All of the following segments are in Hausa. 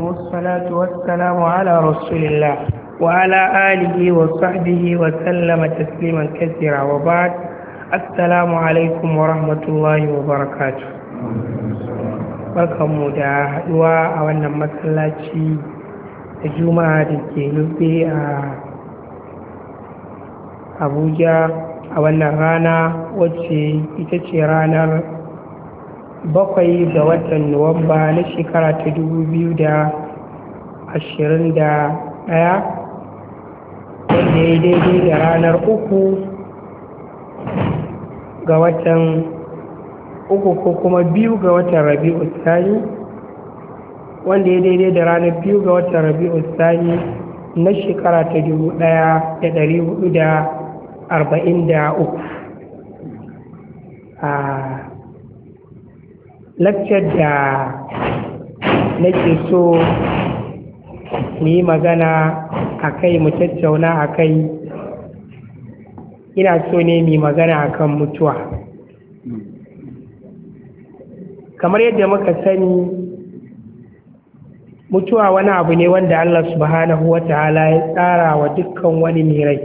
والصلاة والسلام على رسول الله وعلى آله وصحبه وسلم تسليما كثيرا وبعد السلام عليكم ورحمة الله وبركاته barkanmu da haɗuwa a wannan masallaci da juma'a da ke rufe a abuja a wannan rana wacce ita ce ranar bakwai ga watan nuwamba na shekara ta dubu biyu da ashirin da ɗaya wanda ya daidai da ranar uku ga watan uku ko kuma biyu ga watan rabi'u sani wanda ya daidai da ranar biyu ga watan rabi'u sani na shekara ta dubu ɗaya da ɗari hudu da arba'in da uku ah, laccar da nake so mu yi magana a kai mu tattauna a kai ina so ne mu magana a kan mutuwa kamar yadda muka sani mutuwa wani abu ne wanda Allah subhanahu wa ta'ala ya tsara wa dukkan wani mai rai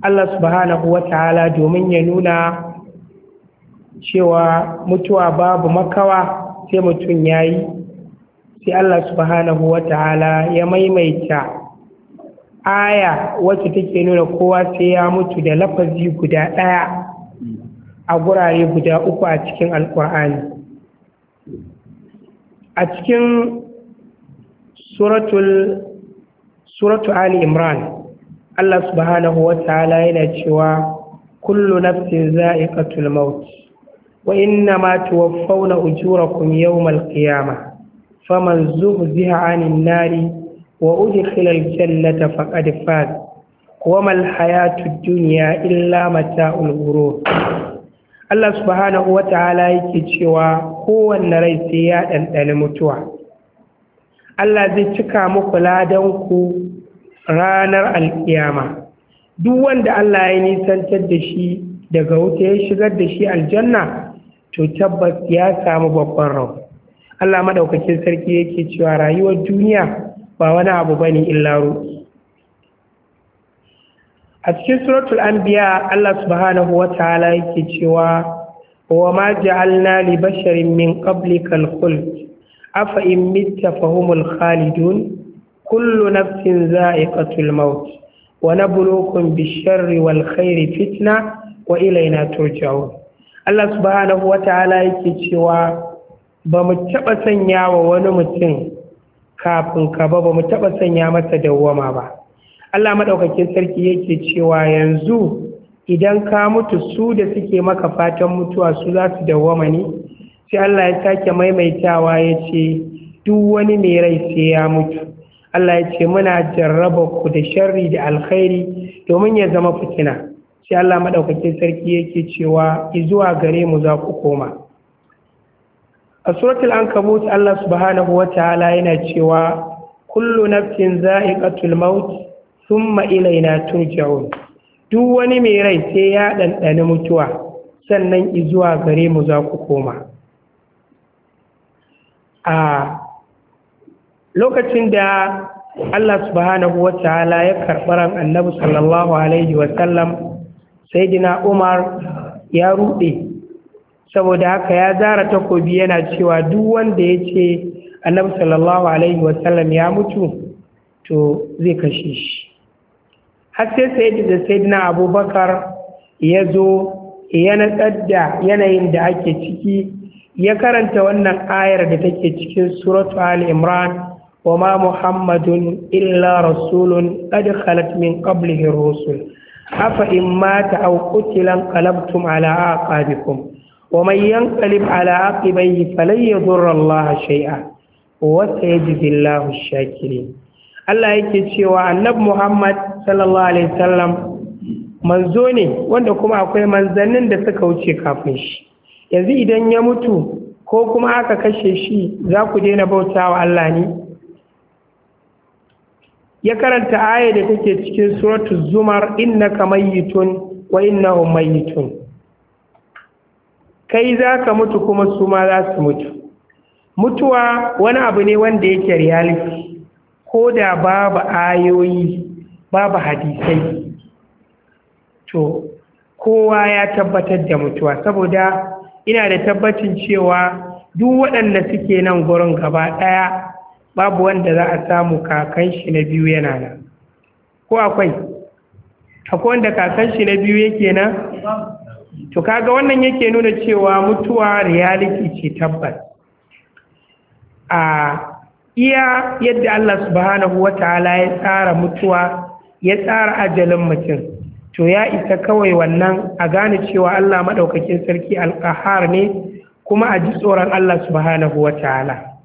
Allah subhanahu wa ta'ala domin ya nuna cewa mutuwa babu makawa sai mutum ya yi sai Allah subhanahu wa ta'ala ya maimaita aya wacce take nuna kowa sai ya mutu da lafazi guda ɗaya a gurare guda uku a cikin alkur'ani a cikin suratul suratu ali imran Allah subhanahu wa ta'ala yana cewa kullu nafsin za'iqatul maut wa inna ma tuwaffawna ujurakum yawmal qiyamah faman zuhziha 'anil nari wa udkhila jannata faqad faz wa mal hayatud dunya illa mata'ul ghurur Allah subhanahu wa ta'ala yake cewa kowanne rai sai ya dandane mutuwa Allah zai cika muku ku ranar alkiyama duk wanda Allah ya nisantar da shi daga wuta ya shigar da shi aljanna to tabbas ya samu babban rabo Allah madaukakin sarki yake cewa rayuwar duniya ba wani abu bane illa ruki a cikin suratul anbiya Allah subhanahu wataala yake cewa wa ma ja'alna li basharin min qablikal khuld afa in mitta fahumul khalidun kullu nafsin za'iqatul maut ونبلوكم بالشر fitna wa وإلينا ترجعون Allah subhanahu ta'ala yake cewa ba mu taɓa sanya wa wani mutum kafin ka ba ba mu taɓa sanya masa dawwama ba Allah maɗaukakin sarki yake cewa yanzu idan ka mutu su da suke maka fatan mutuwa su za su dawwama ne sai Allah ya sake maimaitawa ya ce duk wani mai rai sai ya mutu Allah ya ce muna jarraba ku da sharri da alkhairi domin ya zama fitina sai Allah madaukakin sarki yake cewa zuwa gare mu za ku koma a suratul ankabut Allah subhanahu wa ta'ala yana cewa kullu nafsin za'iqatul maut thumma ilayna turja'un duk wani mai rai sai ya ɗanɗani mutuwa sannan izuwa gare mu za ku koma a lokacin da Allah subhanahu wa ta'ala ya karɓar annabi sallallahu alaihi wa sallam saidina umar ya ruɗe saboda haka ya zara takobi yana cewa duk wanda ya ce annabi sallallahu alaihi wasallam ya mutu to zai kashe shi har sai sayyidi da abubakar ya zo ya natsar da yanayin da ake ciki ya karanta wannan ayar da take cikin suratu al-imran wa ma muhammadun illa rasulun qad khalat min qablihi rusul afa in mata aw qutilan qalabtum ala aqabikum wa man yanqalib ala aqibayhi falan yadurra Allah shay'a wa sayajzi Allahu shakirin Allah yake cewa annabi Muhammad sallallahu alaihi wasallam manzo ne wanda kuma akwai manzannin da suka wuce kafin shi yanzu idan ya mutu ko kuma aka kashe shi za ku daina bautawa Allah ne ya karanta aya da take cikin suratu zumar innaka mayyitun wa innahum mayyitun kai za ka mutu kuma su ma za su mutu mutuwa wani abu ne wanda yake reality ko da babu ayoyi babu hadisai to kowa ya tabbatar da mutuwa saboda ina da tabbacin cewa duk waɗanda suke nan gurin gaba ɗaya babu wanda za a samu kakan shi na biyu yana nan ko akwai akwai wanda kakan shi na biyu yake nan to kaga wannan yake nuna cewa mutuwa reality ce tabbas a iya yadda Allah subhanahu wata'ala ya tsara mutuwa ya tsara ajalin mutum to ya isa kawai wannan a gane cewa Allah Maɗaukakin sarki alƙahar ne kuma a ji tsoron Allah subhanahu wata'ala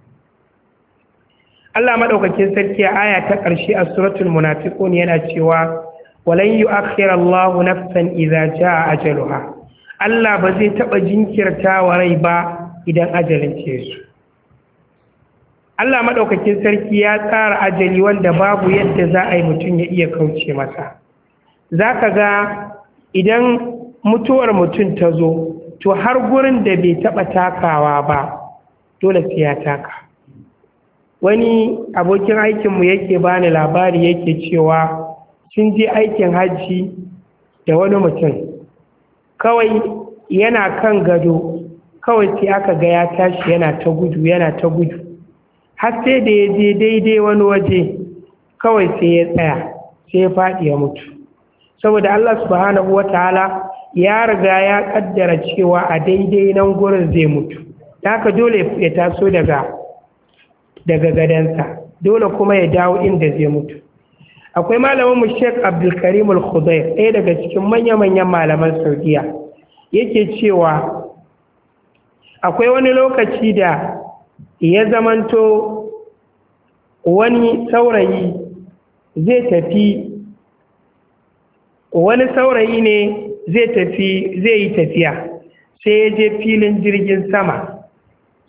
Allah madaukakin sarki a aya ta ƙarshe a suratul munafiqun yana cewa walan yu'akhirallahu nafsan idza jaa ajaluha Allah ba zai taba jinkirta wa rai ba idan ajalin ce su Allah madaukakin sarki ya tsara ajali wanda babu yadda za a yi mutum ya iya kauce masa zaka ga idan mutuwar mutum ta zo to har gurin da bai taba takawa ba dole sai ya taka wani abokin aikinmu yake bani labari yake cewa sun je aikin hajji da wani mutum kawai yana kan gado kawai sai aka ga ya tashi yana ta gudu yana ta gudu har sai da ya je daidai wani waje kawai sai ya tsaya sai ya faɗi ya mutu saboda Allah subhanahu wataala ya riga ya kaddara cewa a daidai nan gurin zai mutu haka dole ya taso daga daga gadansa dole kuma ya dawo inda zai mutu akwai malamin mu Sheikh Abdulkarim al ɗaya daga cikin manya-manyan malaman Saudiya yake cewa akwai wani lokaci da ya zamanto wani saurayi zai tafi wani saurayi ne zai tafi zai yi tafiya sai ya je filin jirgin sama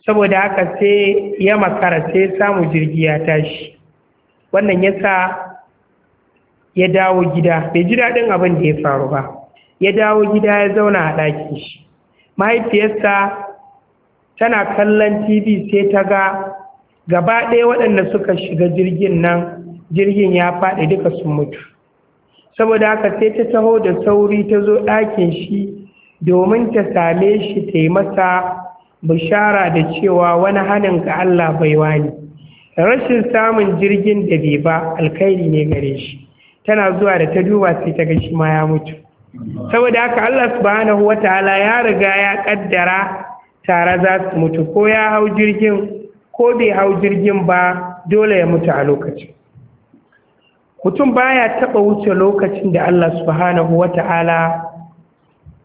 saboda haka sai ya makara sai samu jirgi ya tashi wannan ya sa ya dawo gida bai ji daɗin abin da ya faru ba ya dawo gida ya zauna a ɗakin shi mahaifiyarsa tana kallon tv sai ta ga gaba ɗaya waɗanda suka shiga jirgin nan jirgin ya faɗi duka sun mutu saboda haka sai ta taho da sauri ta zo ɗakin shi domin ta same shi ta yi masa bishara da cewa wani hannun ka Allah bai wani rashin samun jirgin da bai ba alkhairi ne gare shi tana zuwa da ta duba sai ta ga shi ma ya mutu saboda haka Allah subhanahu wataala ya riga ya kaddara tare za su mutu ko ya hau jirgin ko bai hau jirgin ba dole ya mutu a lokacin mutum baya taba wuce lokacin da Allah subhanahu wataala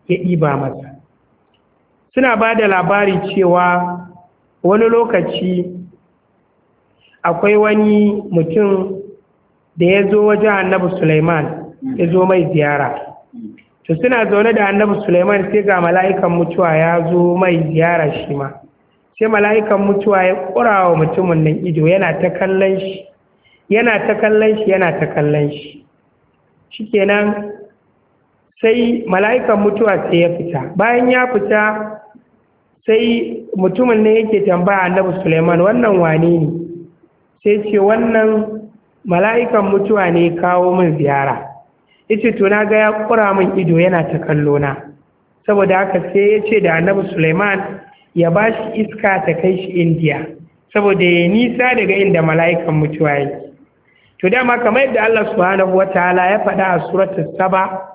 ya ɗiba masa suna ba da labari cewa wani lokaci akwai wani mutum da ya zo wajen annabi Sulaiman ya zo mai ziyara to suna zaune da annabi Sulaiman sai ga mala'ikan mutuwa ya zo mai ziyara shi ma sai mala'ikan mutuwa ya ƙurawa mutumin nan ido yana ta kallon shi yana ta kallon shi yana ta kallon shi shikenan sai mala'ikan mutuwa sai ya fita bayan ya fita sai mutumin ne yake tambaya annabi Suleiman wannan wane ne sai ce wannan mala'ikan mutuwa ne kawo min ziyara ita to na ga ya kura min ido yana ta kallo na saboda haka sai ya ce da annabi Suleiman ya ba shi iska ta kai shi Indiya. saboda ya nisa daga inda mala'ikan mutuwa yake to dama kamar yadda Allah subhanahu ta'ala ya faɗa a suratul saba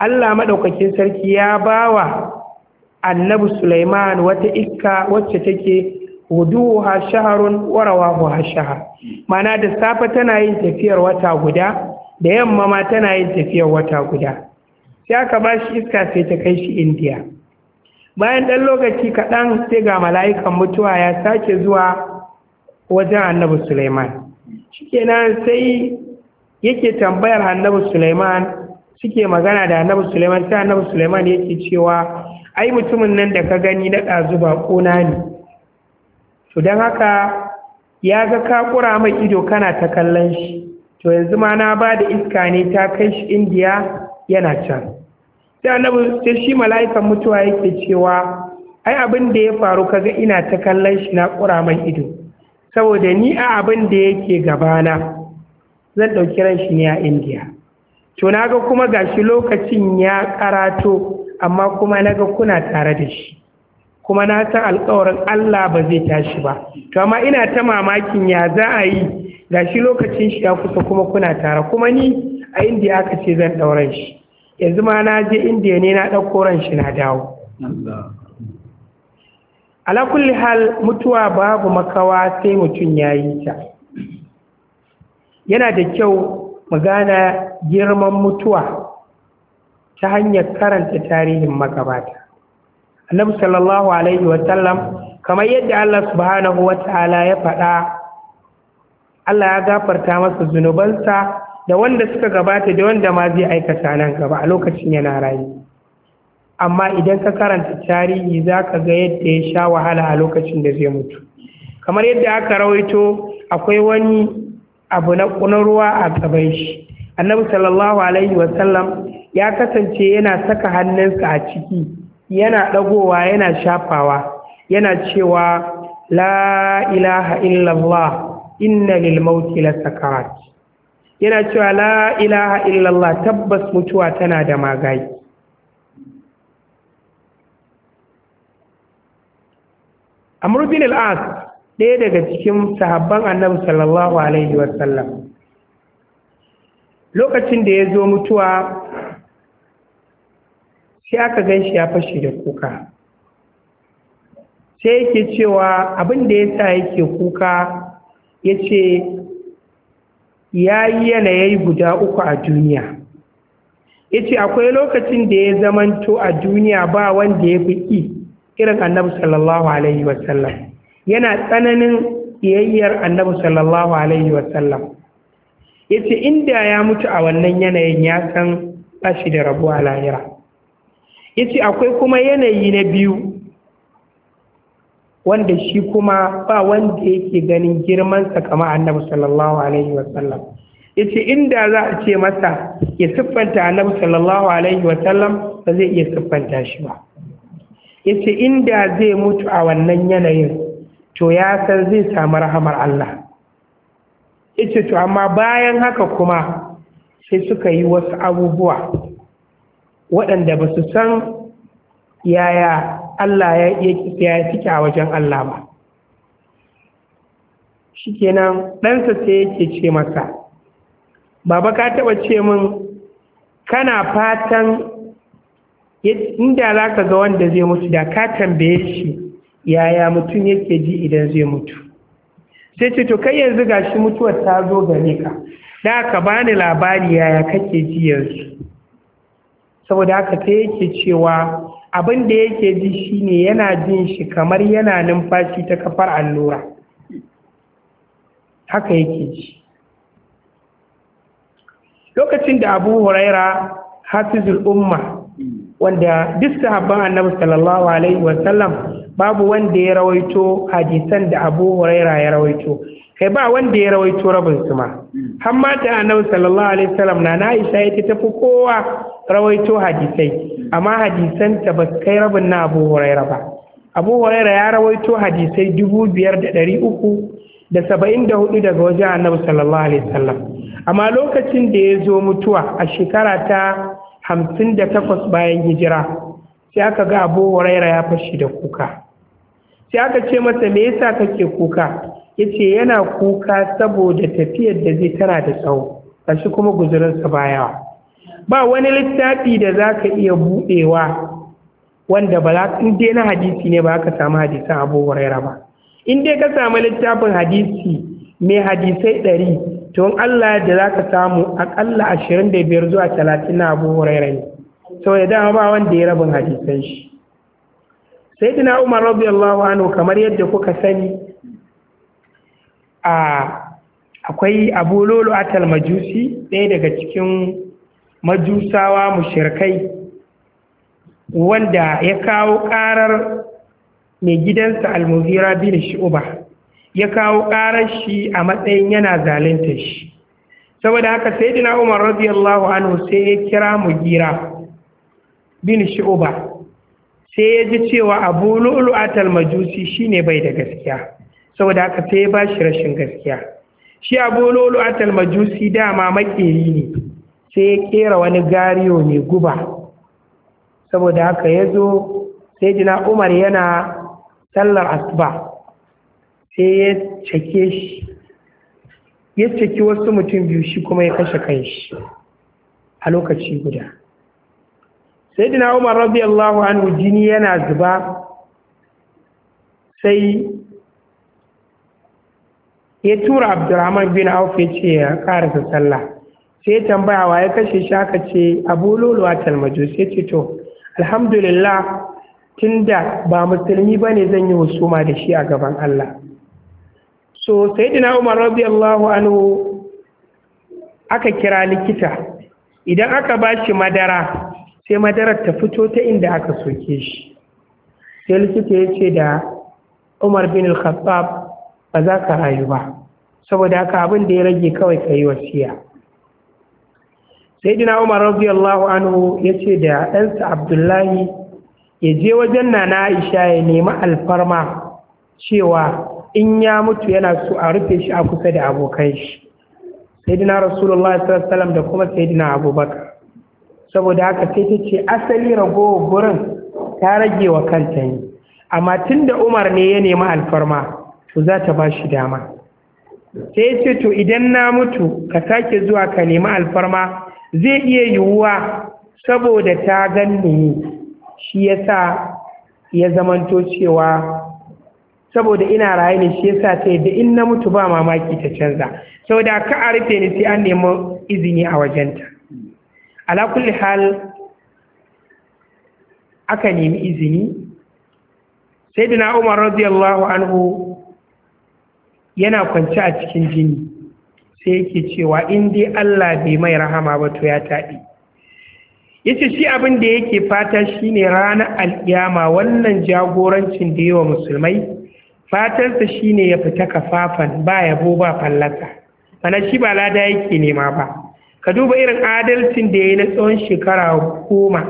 Allah madaukakin sarki ya bawa annabi Sulaiman wata iska wacce take wuduha shaharun warawahu shahar mana da safe tana yin tafiyar wata guda da yamma ma tana yin tafiyar wata guda sai aka ba shi iska sai ta kai shi indiya bayan ɗan lokaci kaɗan sai ga mala'ikan mutuwa ya sake zuwa wajen annabi suleiman shikenan sai yake tambayar annabi suleiman suke magana da annabi suleiman sai annabi suleiman yake cewa ai mutumin nan da ka gani na ɗazu ba ƙona ne to don haka ya ga ka ƙura mai ido kana ta kallon shi to yanzu ma na ba da iska ne ta kai shi indiya yana can sai annabi sai shi mala'ikan mutuwa yake cewa ai abin da ya faru kaga ina ta kallon shi na ƙura mai ido saboda ni a abin da yake gabana zan ɗauki ran shi ne a indiya to na ga kuma gashi lokacin ya karato amma kuma na ga kuna tare da shi kuma na san alkawarin Allah ba zai tashi ba to amma ina ta mamakin ya za a yi ga shi lokacin shi ya kusa kuma kuna tare kuma ni a inda aka ce zan ɗauran shi yanzu ma na je indiya ne na ɗauko ran shi na dawo ala kulli hal mutuwa babu makawa sai mutum ya yi ta yana da kyau mu gana girman mutuwa ta hanyar karanta tarihin magabata annabi sallallahu alaihi wasallam kamar yadda Allah subhanahu wa Ta'ala ya faɗa Allah ya gafarta masa zunubansa da wanda suka gabata da wanda ma zai aikata nan gaba a lokacin yana rayu amma idan ka karanta tarihi za ka ga yadda ya sha wahala a lokacin da zai mutu kamar yadda aka rawaito akwai wani abu na ruwa a gaban shi annabi sallallahu alaihi wasallam ya kasance yana saka hannunsa a ciki yana ɗagowa yana shafawa yana cewa la ilaha illallah inna lil mauti sakarat yana cewa la ilaha illallah tabbas mutuwa tana da magayi amr bin al-as ɗaya daga cikin sahabban annabi sallallahu alaihi wasallam lokacin da ya zo mutuwa sai aka gan shi ya fashe da kuka sai yake cewa abin da ya sa yake kuka ya ce ya yi yanayi guda uku a duniya ya ce akwai lokacin da ya zamanto a duniya ba wanda ya fi ƙi irin annabi sallallahu alaihi wasallam yana tsananin iyayyar annabi sallallahu alaihi wasallam ya ce inda ya mutu a wannan yanayin ya san sashi da rabu a lahira ya akwai kuma yanayi na biyu wanda shi kuma ba wanda yake ganin girmansa kama annabi sallallahu alaihi wasallam ya inda za a ce masa ya siffanta annabi sallallahu alaihi wasallam ba zai iya siffanta shi ba ya inda zai mutu a wannan yanayin to ya san zai samu rahamar Allah ya ce to amma bayan haka kuma sai suka yi wasu abubuwa waɗanda ba su san yaya Allah ya cike a wajen Allah ba shi kenan ɗansa sai yake ce masa baba ka taɓa ce min kana fatan inda za ka ga wanda zai mutu da ka tambaye shi yaya mutum yake ji idan zai mutu sai ce to kai yanzu ga shi mutuwar ta zo gare ka da ka bani labari yaya kake ji yanzu saboda haka ta yake cewa abin da yake ji shine yana jin shi kamar yana numfashi ta kafar allura haka yake ji lokacin da abu huraira hafizul umma wanda duk sahabban annabi sallallahu alaihi wasallam babu wanda ya rawaito hadisan da abu huraira ya rawaito kai ba wanda ya rawaito rabin su ma har ma da annabi sallallahu alaihi wasallam na na Aisha ita fi kowa rawaito hadisai amma hadisan ta ba kai rabin na Abu Huraira ba Abu Huraira ya rawaito hadisai da ɗari hudu daga wajen annabi sallallahu alaihi wasallam amma lokacin da ya zo mutuwa a shekara ta hamsin da takwas bayan hijira sai aka ga Abu Huraira ya fashi da kuka sai aka ce masa me yasa kake kuka yace yana kuka saboda tafiyar da zai tana da tsawo kashi kuma guzurinsa ba yawa ba wani littafi da za ka iya buɗewa wanda ba in dai na hadisi ne ba ka samu hadisan abu huraira ba in dai ka samu littafin hadisi mai hadisai ɗari to in allah da za ka samu aƙalla ashirin da biyar zuwa talatin na abu huraira ne saboda dama ba wanda ya rabin hadisan shi Sai dina umar radiyallahu kamar yadda kuka sani akwai abu lolo atal majusi ɗaya daga cikin majusawa mushirkai wanda ya kawo ƙarar mai gidansa almuzira bin shi'uba ya kawo ƙarar shi a matsayin yana zalunta shi saboda haka sai dina umar radiyallahu sai ya kira mugira bin shi'uba sai ya ji cewa abu lu'lu'atal majusi shine bai da gaskiya saboda haka sai ya bashi rashin gaskiya shi abu lu'lu'atal majusi dama makeri ne sai ya kera wani gariyo ne guba saboda haka ya zo sai jina umar yana sallar asuba sai ya cake shi ya cake wasu mutum biyu shi kuma ya kashe kai shi. a lokaci guda saidina umar radiyallahu anhu jini yana zuba sai ya tura abdurrahman bin auf ya ce ya karasa sallah sai tambaya wa ya kashe shi aka ce abu luluwa talmajus sai ce to alhamdulillah tunda ba musulmi ba ne zan yi husuma da shi a gaban Allah so sayyidina umar radiyallahu anhu aka kira likita idan aka bashi madara sai madarar ta fito ta inda aka soke shi sai likita ya ce da umar bin al-khattab ba za ka rayu ba saboda haka abin da ya rage kawai ka yi wasiya sai dina umar radiyallahu anhu ya ce da ɗansa abdullahi ya je wajen nana aisha ya nemi alfarma cewa in ya mutu yana so a rufe shi a kusa da abokan shi sai dina rasulullah sallallahu da kuma sai dina abubakar saboda haka sai ta ce asali ragowar gurin ta rage wa kanta ne amma tun da umar ne ya nemi alfarma to za ta ba shi dama sai ce to idan na mutu ka sake zuwa ka nemi alfarma zai iya yiwuwa saboda ta ganni shi ya sa ya zamanto cewa saboda ina raye ne shi ya sa ta da in na mutu ba mamaki ta canza saboda ka a rufe ni sai an nemi izini a wajenta ala kulli hal aka nemi izini sayyidina umar radiyallahu anhu yana kwance a cikin jini sai yake cewa in dai Allah bai mai rahama ba to ya tadi yace shi abin da yake fata shine ranar al'iyama, wannan jagorancin da yawa musulmai fatansa shine ya fita kafafan ba yabo ba fallaka, mana shi ba lada yake nema ba ka duba irin adalcin da ya yi na tsawon shekara goma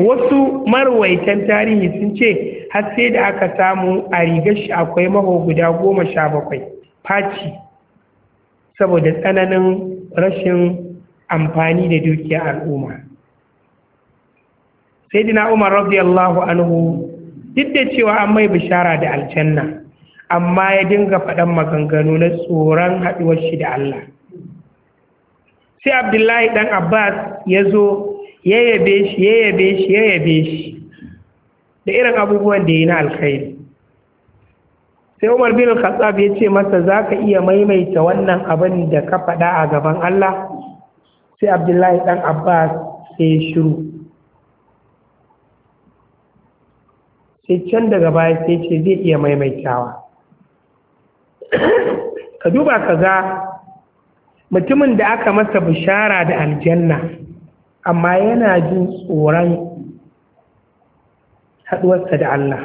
wasu marwaitan tarihi sun ce har sai da aka samu a rigar shi akwai maho guda goma sha bakwai faci saboda tsananin rashin amfani da dukiyar al'umma sai dina umar radiyallahu anhu duk da cewa an mai bishara da aljanna amma ya dinga faɗan maganganu na tsoron haɗuwar shi da Allah sai abdullahi ɗan abbas ya zo ya yabe shi ya yabe shi ya yabe shi da irin abubuwan da ya yi na alkhairi sai umar bin khattab ya ce masa za ka iya maimaita wannan abin da ka faɗa a gaban allah sai abdullahi dan abbas sai ya shiru sai can daga baya sai ce zai iya maimaitawa ka duba ka ga mutumin da aka masa bishara da aljanna amma yana jin tsoron haɗuwarsa da Allah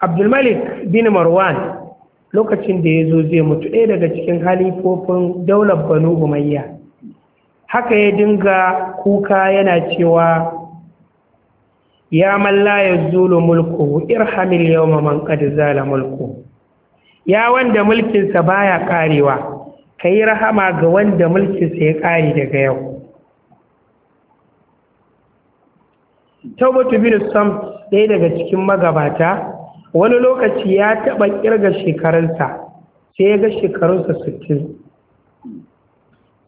abdulmalik bin marwan lokacin da ya zo zai mutu ɗaya daga cikin halifofin daular banu umayya haka ya dinga kuka yana cewa ya man la yazulu mulkuhu al yawma man qad zala mulkuhu ya wanda mulkin mulkinsa baya karewa kai rahama ga wanda sa ya kare daga yau tawbatu bin sam ɗaya daga cikin magabata wani lokaci ya taɓa ƙirga shekarunsa sai ya ga shekarunsa sittin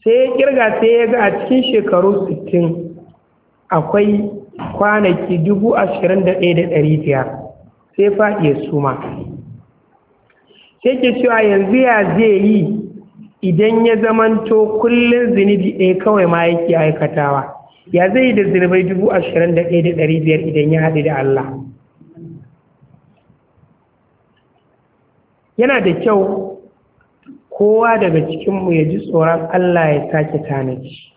sai ya ƙirga sai ya ga a cikin shekaru sittin akwai kwanaki dubu ashirin da ɗaya da ɗari biyar sai faɗi ya suma sai ke cewa yanzu ya zai yi idan ya zamanto kullum zunubi ɗaya kawai ma yake aikatawa ya zai yi da zunubai dubu ashirin da ɗaya da ɗari biyar idan ya haɗu da Allah yana da kyau kowa daga cikinmu ya ji tsoron Allah ya sake tanaji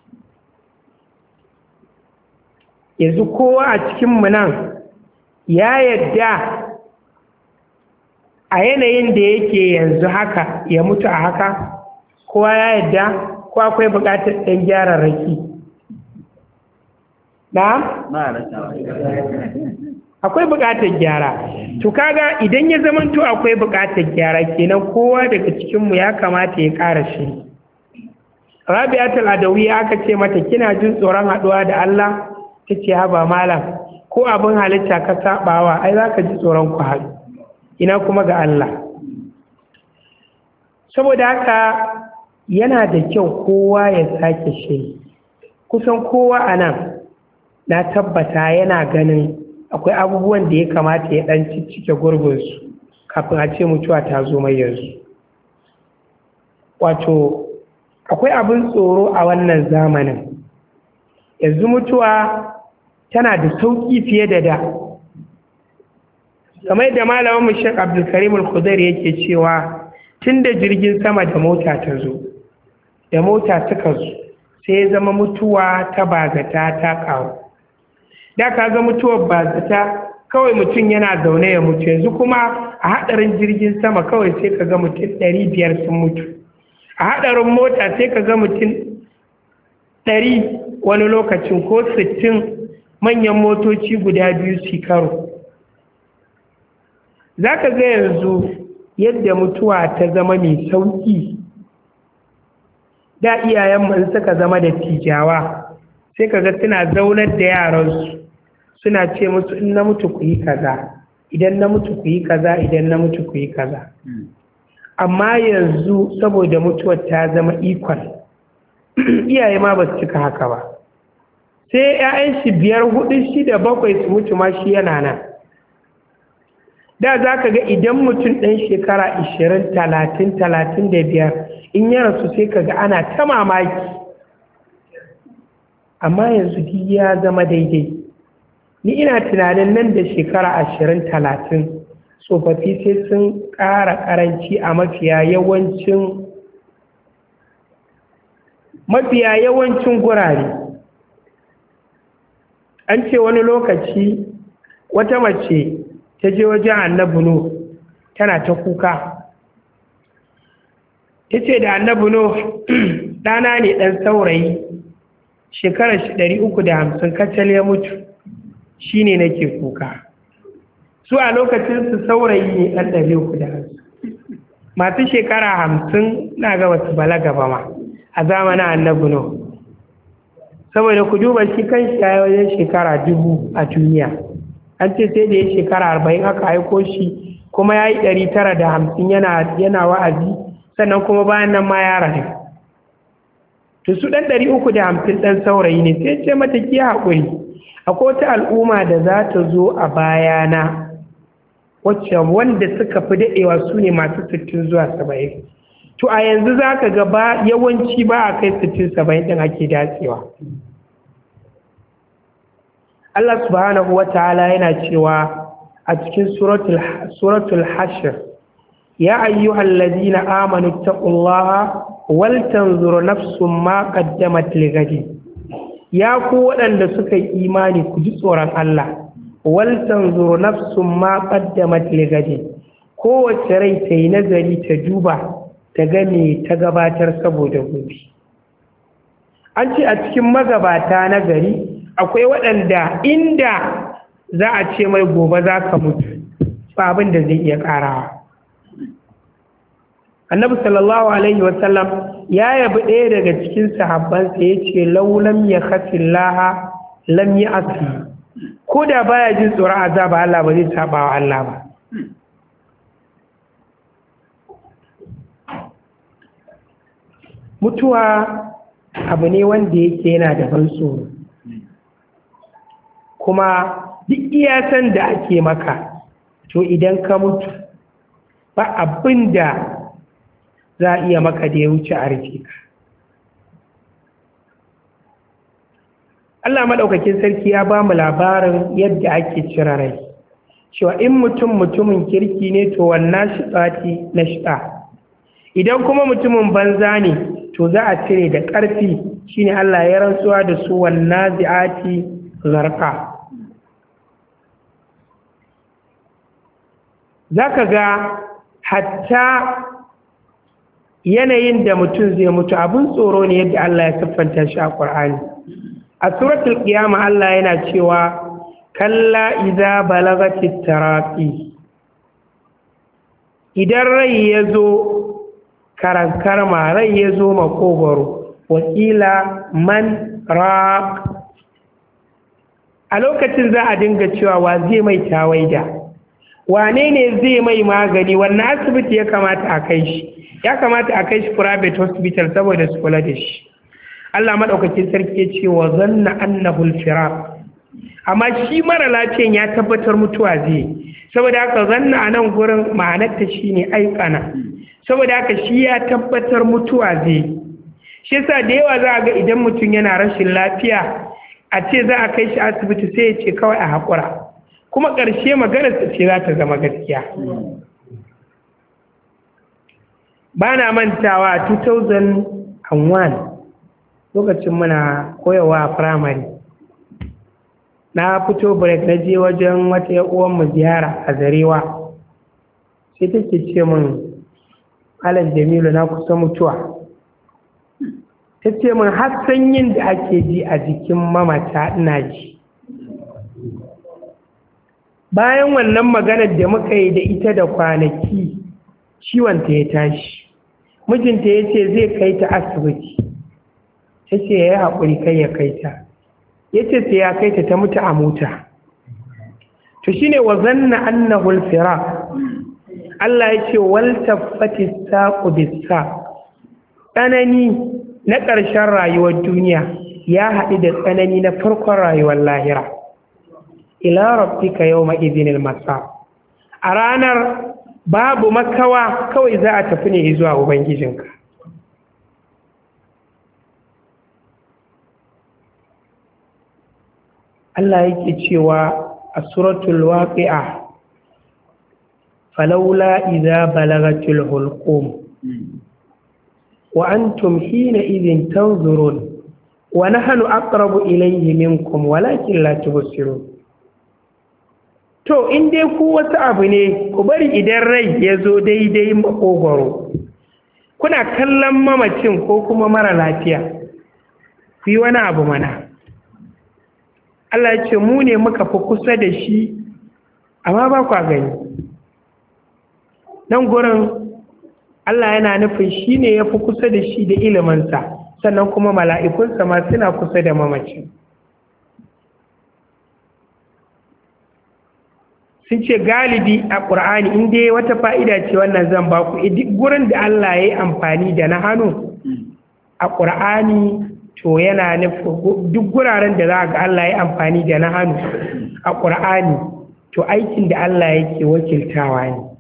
yanzu kowa a cikinmu nan ya yadda a yanayin da yake yanzu haka ya mutu a haka kowa ya yadda ko akwai buƙatar ɗan gyara raki na? akwai buƙatar gyara to kaga idan ya zamanto akwai buƙatar gyara kenan kowa daga cikinmu ya kamata ya ƙara shi rabi'atul adawiyya aka ce mata kina jin tsoron haɗuwa da Allah ta ce haba malam ko abin halitta ka saɓawa ai za ka ji tsoron ku haɗu ina kuma ga Allah saboda haka yana da kyau kowa ya sake shiri kusan kowa a nan na tabbata yana ganin akwai abubuwan da ya kamata ya ɗan gurbin gurbinsu kafin a ce mutuwa ta zo mai yanzu wato akwai abin tsoro a wannan zamanin yanzu mutuwa tana da sauƙi fiye da da kamar yadda malamin mu Sheikh Abdulkarim Al-Khudair yake cewa tunda jirgin sama da mota ta zo da mota suka zo sai ya zama mutuwa ta bazata ta kawo. da ka ga mutuwar bazata kawai mutum yana zaune ya mutu yanzu kuma a haɗarin jirgin sama kawai sai ka ga mutum ɗari biyar sun mutu a haɗarin mota sai ka ga mutum ɗari wani lokacin ko sittin manyan motoci guda biyu su karo za ka ga yanzu yadda mutuwa ta zama mai sauƙi da iyayen in suka zama da tijawa sai ka ga suna zaunar da yaransu suna ce musu in na mutu ku yi kaza idan na mutu ku yi kaza idan na mutu ku yi kaza amma yanzu saboda mutuwar ta zama ikon iyaye ma ba su cika haka ba sai ‘ya'yan shi biyar hudu shida bakwai su mutu ma shi yana nan da za ka ga idan mutum ɗan shekara ishirin talatin talatin da biyar in ya rasu sai ka ga ana ta mamaki amma yanzu duk ya zama daidai ni ina tunanin nan da shekara ashirin talatin tsofaffi sai sun ƙara ƙaranci a mafiya yawancin mafiya yawancin gurare an ce wani lokaci wata mace ta je wajen annabi no tana ta kuka ta ce da annabi no ɗana ne ɗan saurayi shekarar shi ɗari uku da hamsin kacal ya mutu shi ne nake kuka su a lokacin su saurayi ne ɗan ɗari uku da hamsin masu shekara hamsin na ga wasu balaga ba ma a zamanin annabi no saboda ku duba shi kan shi ya wajen shekara dubu a duniya an ce sai da ya shekara arba'in aka aiko shi kuma ya yi ɗari tara da hamsin yana wa'azi sannan kuma bayan nan ma yara ne. to su ɗan ɗari uku da hamsin ɗan saurayi ne sai ce mata ki haƙuri akwai wata al'umma da za ta zo a bayana wacce wanda suka fi daɗewa su ne masu tattun zuwa saba'in to a yanzu za ka gaba yawanci ba a kai 60-70 ɗin ake dacewa. Allah subhanahu wa ta'ala yana cewa a cikin suratul hashir ya ayyuhal na amanu taqullaha waltan zuru nafsun ma ligadi ya ku waɗanda suka yi imani ku ji tsoron Allah waltan zuru nafsun ma qaddamat ligadi kowace rai ta yi nazari ta duba ta gani ta gabatar saboda gobe an ce a cikin magabata na gari akwai waɗanda inda za a ce mai gobe za ka mutu ba abin da zai iya ƙarawa annabi sallallahu alaihi wasallam ya yabi ɗaya daga cikin sahabbansa ya ce laulam ya kafin laha lam yi ko da baya jin tsoron azaba Allah ba zai taɓa wa Allah ba mutuwa abu ne wanda yake yana da ban tsoro kuma duk iyasan da ake maka to idan ka mutu ba abin da za a iya maka da ya wuce a rufe ka Allah maɗaukakin sarki ya ba mu labarin yadda ake cirarai rai cewa in mutum mutumin kirki ne to wannan shi na shi'a idan kuma mutumin banza ne to za a cire da ƙarfi shine Allah ya rantsuwa da su wannan zarfa? zaka ga hatta yanayin da mutum zai mutu abin tsoro ne yadda Allah ya siffanta shi a Qur'ani a suratul qiyamah Allah yana cewa kalla idza balagatit taraqi idan rai ya zo karankar ran ya zo makogoro wakila man raq a lokacin za a dinga cewa wa zai mai tawaida wane ne zai mai magani wannan asibiti ya kamata a kai shi ya kamata a kai shi private hospital saboda su kula da shi Allah maɗaukacin sarki ya ce wa zanna annahul firaq amma shi mara lafiyan ya tabbatar mutuwa zai saboda haka zanna a nan gurin ma'anarta shine aikana saboda haka shi ya tabbatar mutuwa zai shi yasa da yawa za a ga idan mutum yana rashin lafiya a ce za a kai shi asibiti sai ya ce kawai a haƙura kuma ƙarshe maganarsa ce za ta zama gaskiya ba na mantawa 2001 lokacin muna koyawa a firamare na fito break na je wajen wata uwanmu ziyara a zarewa sai take ce mun Alal jamilu na kusa mutuwa ta ce mun har yin da ake ji a jikin mamata ina ji bayan wannan maganar da muka yi da ita da kwanaki ciwonta ya tashi mijinta ya ce zai kai ta asibiti ta ce ya yi haƙuri kai ya kai ta ya ce sai ya kai ta ta mutu a mota to shine wa zanna annahul firak Allah ya ce waltaffati saqu bisa tsanani na ƙarshen rayuwar duniya ya haɗu da tsanani na farkon rayuwar lahira ila rabbika yawma idhinil masa. a ranar babu makawa kawai za a tafi ne zuwa ubangijinka Allah yake cewa a suratul waqi'ah falaula idza balagatil hulqum wa antum hina idhin tanzurun wa nahnu aqrabu ilayhi minkum walakin to in dai ku wasu abu ne ku bari idan rai ya zo daidai makogwaro kuna kallon mamacin ko kuma mara lafiya ku yi wani abu mana Allah ya ce mu ne muka fi kusa da shi amma ba kwa gani nan gurin Allah yana nufin shi ne ya fi kusa da shi da iliminsa sannan kuma mala'ikunsa ma suna kusa da mamacin sun ce galibi a ƙur'ani in ya wata fa'ida ce wannan zan ba ku duk gurin da Allah ya yi amfani da na hannu a ƙur'ani to yana nufin duk guraren da za ga Allah ya yi amfani da na hannu a ƙur'ani to aikin da Allah yake wakiltawa ne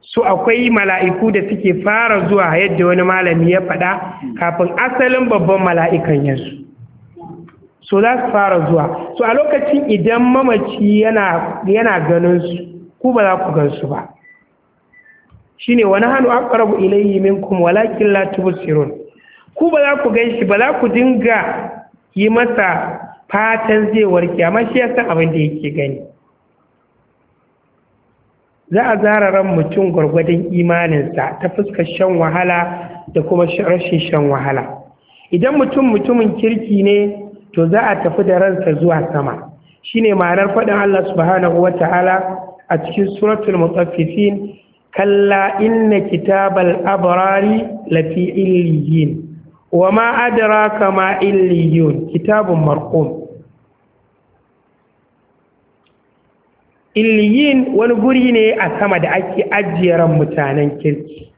su akwai mala'iku da suke fara zuwa yadda wani malami ya faɗa kafin asalin babban mala'ikan yanzu so za su fara zuwa so a lokacin idan mamaci yana ganin su ku ba za ku gansu ba shi ne wani hannu an ƙarabu ilayi kuma, walakin latubu sirun ku ba za ku gan shi ba za ku dinga yi masa fatan zai warke amma shi ya san abin da yake gani za a zara ran mutum gwargwadon imaninsa ta fuskar shan wahala da kuma rashin shan wahala idan mutum mutumin kirki ne to za a tafi da ransa zuwa sama shine ma'anar faɗin Allah subhanahu wata'ala a cikin suratul mutaffifin kalla inna kitabal abrari lafi illiyin wa ma adraka ma illiyun kitabun marqum illiyin wani guri ne a sama da ake ajiye mutanen kirki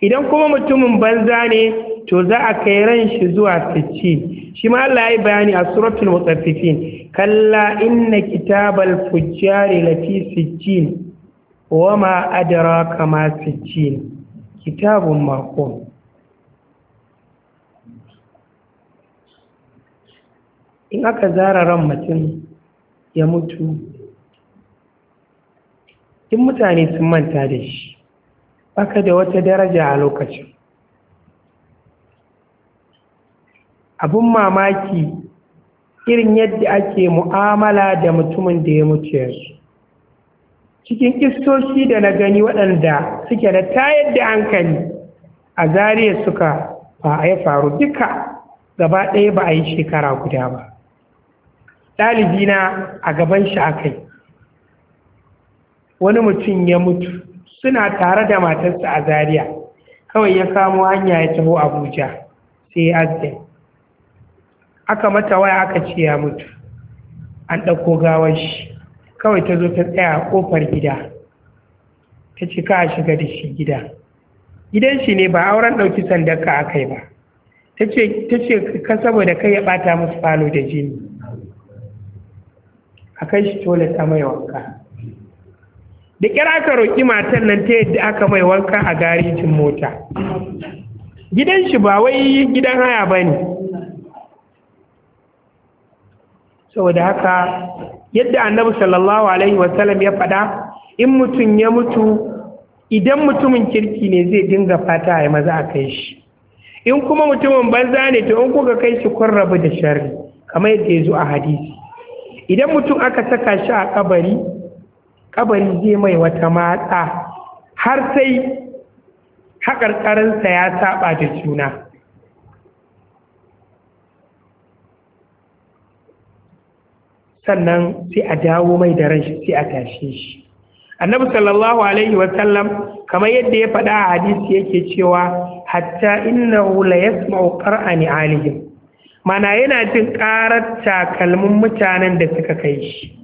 idan kuma mutumin banza ne to za a kai ran shi zuwa sicci shi ma Allah ya bayani a suratul mutaffifin kalla inna kitabal fujjari lafi sijjin wa ma adara kama sijjin kitabun mako." in aka zara ran mutum ya mutu in mutane sun manta da shi baka da wata daraja a lokacin abun mamaki irin yadda ake mu'amala da mutumin da ya mutu yanzu cikin kistoshi da na gani waɗanda suke da tayar da hankali a zariya suka ba a ya faru duka gaba ɗaya ba a yi shekara guda ba ɗalibina a gaban shi a kai wani mutum ya mutu suna tare da matarsa a Zariya, kawai ya kamo hanya ya taho abuja sai azai aka mata waya aka ce ya mutu an ɗauko gawar shi kawai ta zo ta tsaya a ƙofar gida ta ci ka shiga da shi gida gidan shi ne ba auren ɗauki sandar ka aka yi ba ta ce ka saboda kai ya ɓata musu falo da jini a kai shi tole ta mai wanka da kira aka roƙi matan nan ta yadda aka mai wanka a garejin mota gidan shi ba wai gidan haya ba ne saboda haka yadda annabi sallallahu alaihi wasallam ya faɗa in mutum ya mutu idan mutumin kirki ne zai dinga fata ya maza a kai shi in kuma mutumin banza ne to in kuka kai shi kun rabu da sharri kamar yadda ya zo a hadisi idan mutum aka saka shi a kabari kabari zai mai wata matsa har sai haƙarƙarinsa ya saba da juna sannan sai a dawo mai da rashi sai a tashe shi annabi sallallahu alaihi wasallam kamar yadda ya faɗa a hadisi yake cewa hatta innahu la yasma'u qur'ani alihim mana yana jin ƙarar takalmin mutanen da suka kai shi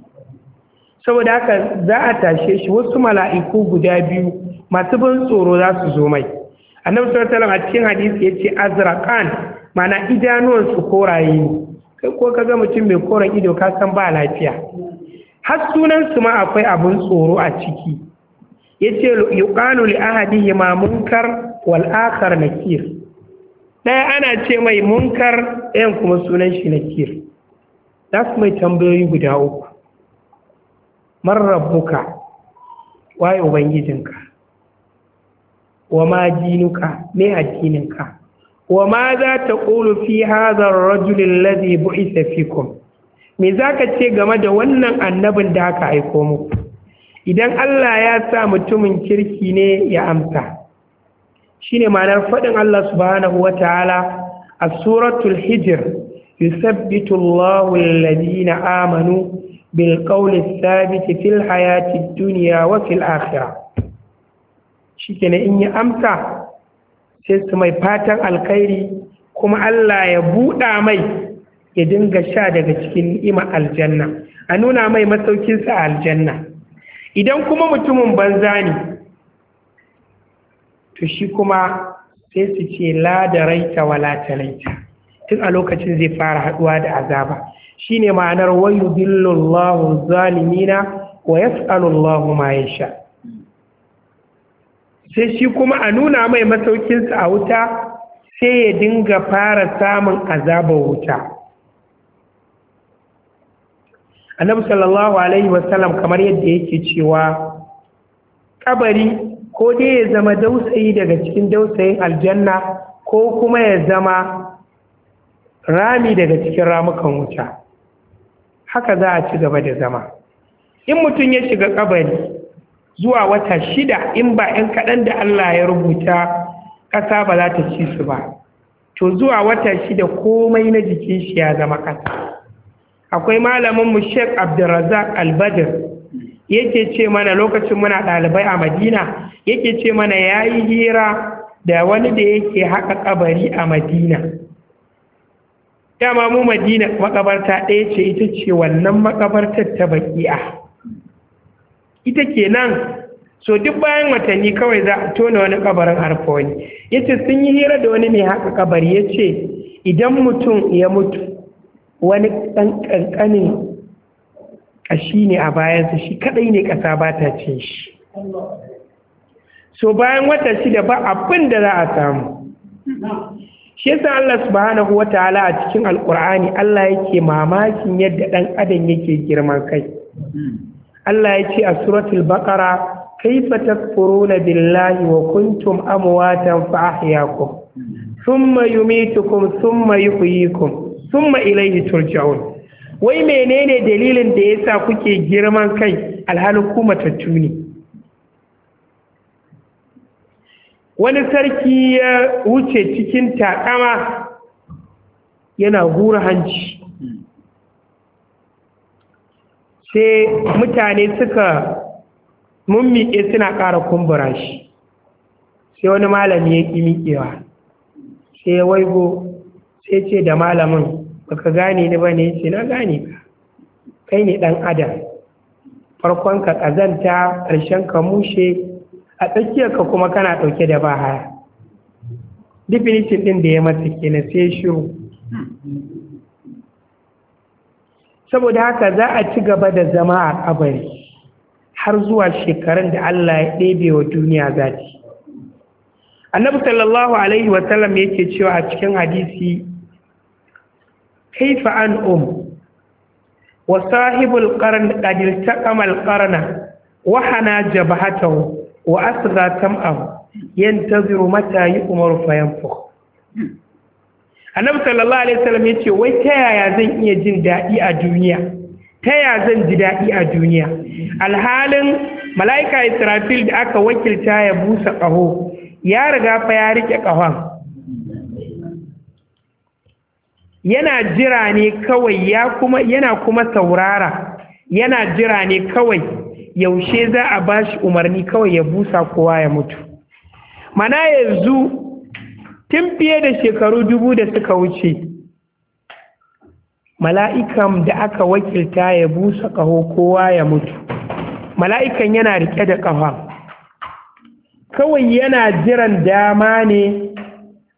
saboda haka za a tashe shi wasu mala'iku guda biyu masu bin tsoro za su zo mai annabi sallallahu alaihi wasallam a cikin hadisi yace azraqan mana idanuwan su koraye ne kai ko kaga mutum mai koren ido ka san ba lafiya har sunan su ma akwai abun tsoro a ciki yace yuqalu li ahadihi ma munkar wal akhar nakir daya ana ce mai munkar ɗayan kuma sunan shi nakir za su mai tambayoyi guda uku man rabbuka waye ubangijinka wa ma jinuka me addininka wa ma za ta qulu fi hadha ar-rajul alladhi bu'itha fikum me zaka ce game da wannan annabin da aka aiko muku idan Allah ya sa mutumin kirki ne ya amsa shine ma'anar faɗin Allah subhanahu wa ta'ala a suratul hijir yusabbitu Allahu alladhina amanu bil qawli thabit fil hayati duniya wa fil akhirah in ya amsa sai su mai fatan alkhairi kuma Allah ya buɗa mai ya dinga sha daga cikin ni'imar aljanna a nuna mai masaukinsa a aljanna idan kuma mutumin banza ne to shi kuma sai su ce la raita wa la tun a lokacin zai fara haɗuwa da azaba Shi ne ma'anar wa yudillu zalimina wa yas'alu Allahu ma yasha sai shi kuma a nuna mai masaukinsa a wuta sai ya dinga fara samun azabar wuta annabi sallallahu alaihi wasallam kamar yadda yake cewa ƙabari, ko dai ya zama dausayi daga cikin dausayin aljanna ko kuma ya zama rami daga cikin ramukan wuta haka za a ci gaba da zama in mutum ya shiga kabari zuwa wata shida in ba 'yan kaɗan da Allah ya rubuta ƙasa ba za ta ci su ba to zuwa wata shida komai na jikin shi ya zama ƙasa akwai malamin mu Sheikh Abdulrazak Al-Badr yake ce mana lokacin muna ɗalibai a Madina yake ce mana yayi hira da wani da yake haƙa kabari a Madina dama mu madina makabarta ɗaya ce ita ce wannan makabartar ta baki'a ita ke nan so duk bayan watanni kawai za a tona wani kabarin harfa wani ya ce sun yi hira da wani mai haka kabari ya ce idan mutum ya mutu wani ɗan ƙanƙanin ƙashi ne a bayansa shi kaɗai ne ƙasa ba ta cin shi so bayan wata shida ba abin da za a samu shi yasa Allah subhanahu ta'ala a cikin alkur'ani Allah yake mamakin yadda dan adam yake girman kai Allah ya ce a suratul baqara kaifa takfuruna billahi wa kuntum amwatan fa ahyaakum thumma yumitukum thumma yuhyikum thumma ilayhi turja'un wai menene dalilin da yasa kuke girman kai alhalin kuma matattu ne wani sarki ya wuce cikin taƙama yana hura hanci sai mutane suka mummike suna ƙara kumbura shi sai wani malami ya ƙi miƙewa sai ya waigo sai ce da malamin baka gane ni ba ne ce na gane ka kai ne ɗan adam farkon ka ƙazanta ƙarshen ka mushe a tsakiyarka kuma kana ɗauke da bahaya definition ɗin da ya masa na sai shiru saboda haka za a ci gaba da zama a kabari har zuwa shekarun da Allah ya ɗebe wa duniya zati annabi sallallahu alaihi wasallam yake cewa a cikin hadisi kaifa an um wa sahibul qarn qad iltaqama al qarna wa hana jabhatahu wa asra tam'ahu yantaziru mata yi umaru fayanfuk annabi sallallahu alaihi wasallam ya ce wai ta yaya zan iya jin daɗi a duniya ta yaya zan ji daɗi a duniya alhalin mala'ika israfil da aka wakilta ya busa ƙaho ya riga fa ya riƙe ƙahon yana jira kawai ya kuma yana kuma saurara yana jira ne kawai yaushe za a ba shi umarni kawai ya busa kowa ya mutu mana yanzu tun fiye da shekaru dubu da suka wuce mala'ikan da aka wakilta ya busa ƙaho kowa ya mutu mala'ikan yana rike da ƙafa kawai yana jiran dama ne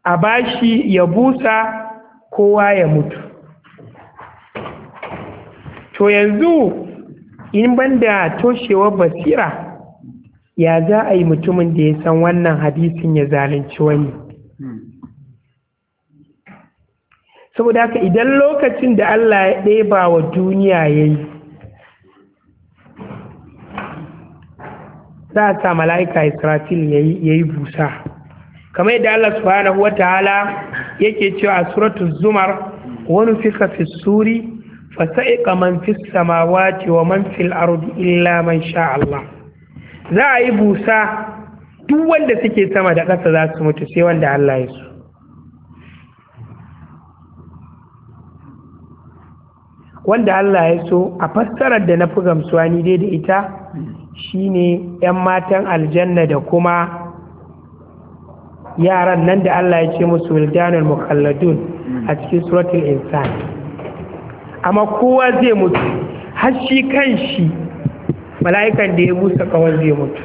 a ba shi ya busa kowa ya mutu to yanzu in banda toshewar basira ya za a yi mutumin da ya san wannan hadisin ya zalunci wani saboda haka idan lokacin da Allah ya ɗeba wa duniya ya yi za a sa mala'ika israfil ya yi busa kamar yadda Allah subhanahu wa ta'ala yake cewa a suratun zumar wani fika fi suri fasa’iƙa man samawa ce wa man fil illa man sha Allah za a yi busa duk wanda suke sama da ƙasa za su mutu sai wanda Allah ya so wanda Allah ya so a fassarar da na fi gamsuwa ni dai da ita shine 'yan matan aljanna da kuma yaran nan da Allah ya ce musu wildanul mukhalladun a cikin suratul insan amma kowa zai mutu har shi kan shi mala'ikan da ya busa kawai zai mutu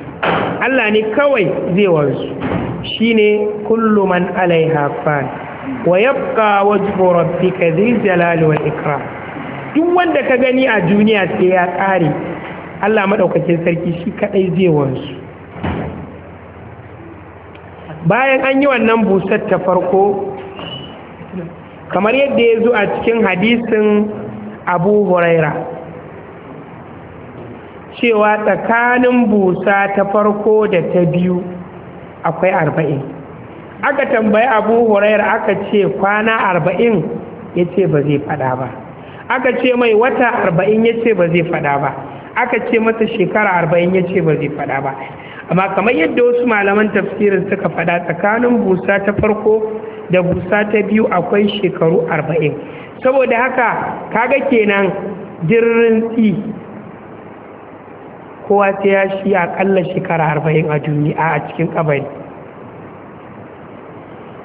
Allah ne kawai zai warsu shine kullum man alai fan wa wajen wajhu rabbika zai zalali wa ikra. duk wanda ka gani a duniya sai ya ƙare, Allah maɗaukacin sarki shi kaɗai zai warsu bayan an yi wannan busar ta farko kamar yadda ya zo a cikin hadisin abu huraira cewa tsakanin busa ta farko da ta biyu akwai arba'in aka tambayi abu huraira aka ce kwana arba'in ya ce ba zai fada ba aka ce mai wata arba'in ya ce ba zai fada ba aka ce masa shekara arba'in ya ce ba zai fada ba amma kamar yadda wasu malaman tafsirin suka fada tsakanin busa ta farko da busa ta biyu akwai shekaru arba'in saboda haka kaga kenan jirrin tsi kowa sai ya shi akalla shekara arba'in a duniya a cikin kabari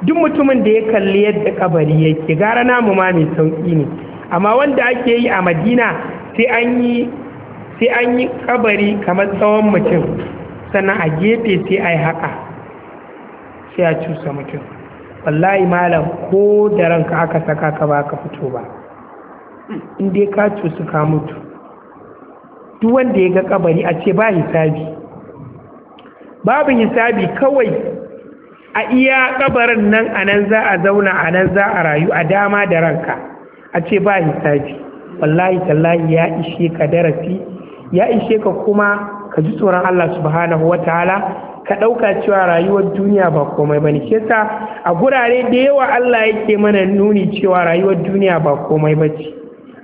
duk mutumin da ya kalli yadda kabari yake gara namu ma mai sauki ne amma wanda ake yi a madina sai an yi sai an yi kabari kamar tsawon mutum sannan a gefe sai a yi haka sai a cusa mutum wallahi malam ko da ranka aka saka ka ba ka fito ba in dai ka cusu ka mutu duk wanda ya ga kabari a ce ba hisabi babu hisabi kawai a iya kabarin nan a nan za a zauna a nan za a rayu a dama da ranka a ce ba hisabi wallahi tallahi ya ishe ka darasi ya ishe ka kuma ka ji tsoron Allah subhanahu wa ta'ala ka ɗauka cewa rayuwar duniya ba komai ba ne shi a gurare da yawa Allah yake mana nuni cewa rayuwar duniya ba komai ba ce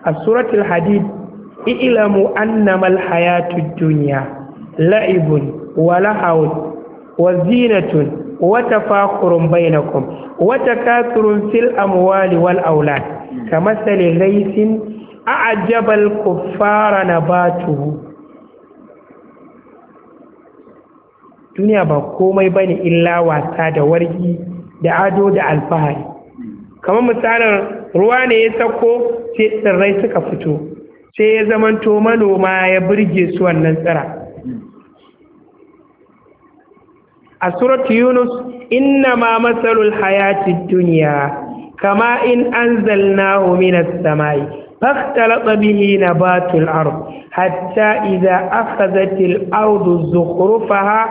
a suratul hadid i'lamu annamal hayatu dunya la'ibun wa lahawun wa zinatun wa tafakhurun bainakum wa takathurun fil amwali wal aulad kamathali ghaythin a'jaba al-kuffara nabatuhu duniya ba komai bane illa wasa da wargi da ado da alfahari kamar misalin ruwa ne ya sako sai tsirrai suka fito sai ya zamanto manoma ya burge su wannan tsira a suratu yunus inna ma masalul hayati duniya kama in anzalnahu minas samai فاختلط به نبات الأرض حتى إذا أخذت الأرض زخرفها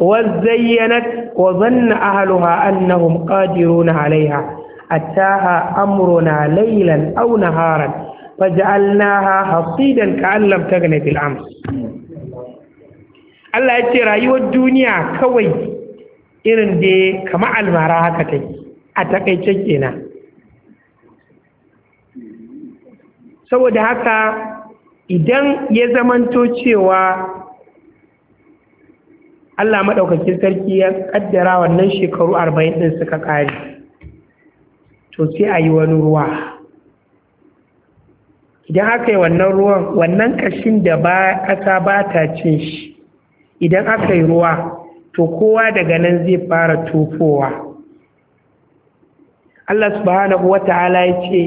وزينت وظن أهلها أنهم قادرون عليها أتاها أمرنا ليلا أو نهارا فجعلناها حصيدا كأن لم تغن بالأمس Allah ya ce rayuwar duniya kawai irin da kama almara haka ta a takaice kenan saboda haka idan ya zamanto cewa Allah maɗaukakin sarki ya ƙaddara wannan shekaru arba'in ɗin suka ƙare to sai a wani ruwa idan aka yi wannan ruwan wannan ƙashin da ba ƙasa ba ta cin shi idan aka yi ruwa to kowa daga nan zai fara tofowa Allah subhanahu wa ta'ala ya ce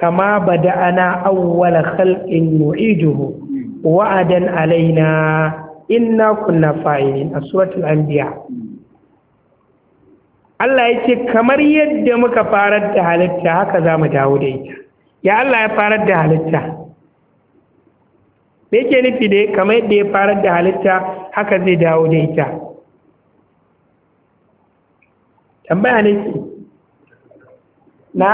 kama ana awwala khalqin nu'iduhu wa'adan alaina inna kunna fa'ilin a suratul anbiya Allah ya ce kamar yadda muka farar da halitta haka za mu dawo da ita ya Allah ya farar da halitta da yake nufi da kamar yadda ya farar da halitta haka zai dawo da ita tambaya ne ke na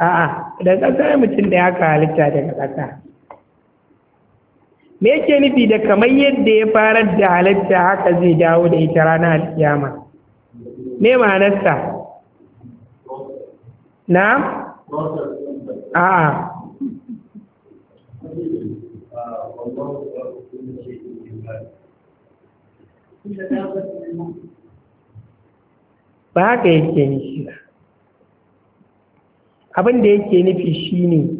a'a da ƙasa mutum da ya ka halitta daga kasa me yake nufi da kamar yadda ya fara da halitta haka zai dawo da ita rana alkiyama me ma'anarsa na a'a ba haka yake nufi ba abin da yake nufi shine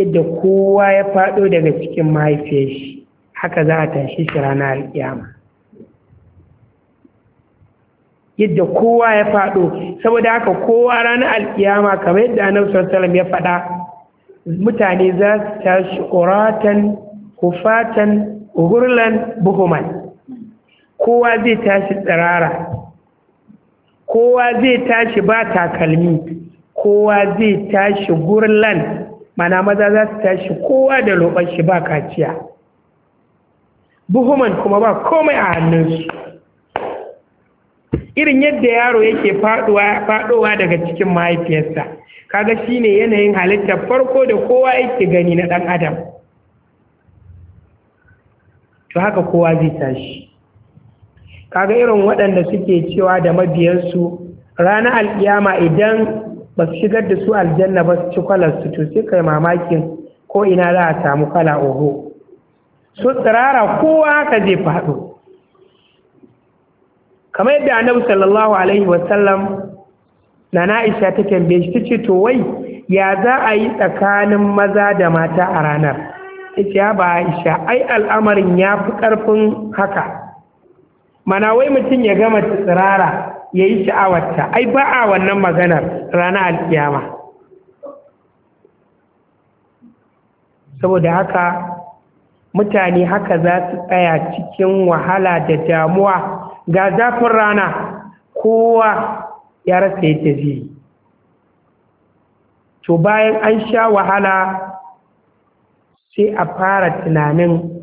yadda kowa ya faɗo daga cikin mahaifiyar haka za a tashi shi ranar alƙiyama yadda kowa ya faɗo saboda haka kowa ranar alƙiyama kamar yadda annabi sallallahu ya faɗa mutane za su tashi quratan kufatan hurlan buhuman kowa zai tashi tsirara kowa zai tashi ba takalmi kowa zai tashi gurlan mana maza za su tashi kowa da roɓar shi ba kaciya buhuman kuma ba komai a hannunsu irin yadda yaro yake faɗowa daga cikin mahaifiyarsa kaga shine yanayin halittar farko da kowa yake gani na ɗan adam to haka kowa zai tashi kaga irin waɗanda suke cewa da mabiyansu ranar al'iyama idan ba su shigar da su aljanna ba su ci kwalar su to sai kai mamakin ko ina za a samu kwala oho su tsirara kowa ka je faɗo kamar yadda annabi sallallahu alaihi wasallam na na'isha ta tambaye shi tace to wai ya za a yi tsakanin maza da mata a ranar ita ya ba Aisha ai al'amarin ya fi ƙarfin haka mana wai mutum ya gama tsirara ya yi sha'awarta ai ba a wannan maganar rana alkiyama saboda haka mutane haka za su tsaya cikin wahala da damuwa ga zafin rana kowa ya rasa ya tafi to bayan an sha wahala sai a fara tunanin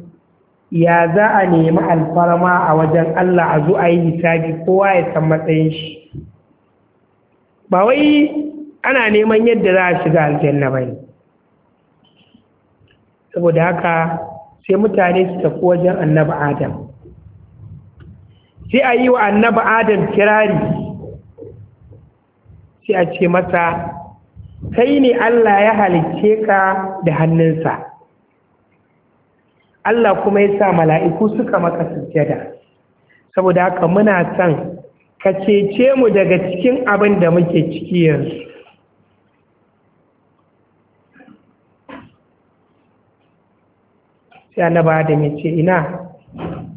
ya za a nemi alfarma a wajen Allah a zo a yi misali kowa ya san matsayin shi ba wai ana neman yadda za a shiga aljanna ba ne saboda haka sai mutane su tafi wajen annabi adam sai a yi wa annabi adam kirari sai a ce masa kai ne Allah ya halicce ka da hannunsa Allah kuma ya sa mala'iku suka maka sujjada saboda haka muna son ka cece mu daga cikin abin da muke ciki yanzu sai annaba da mai ce ina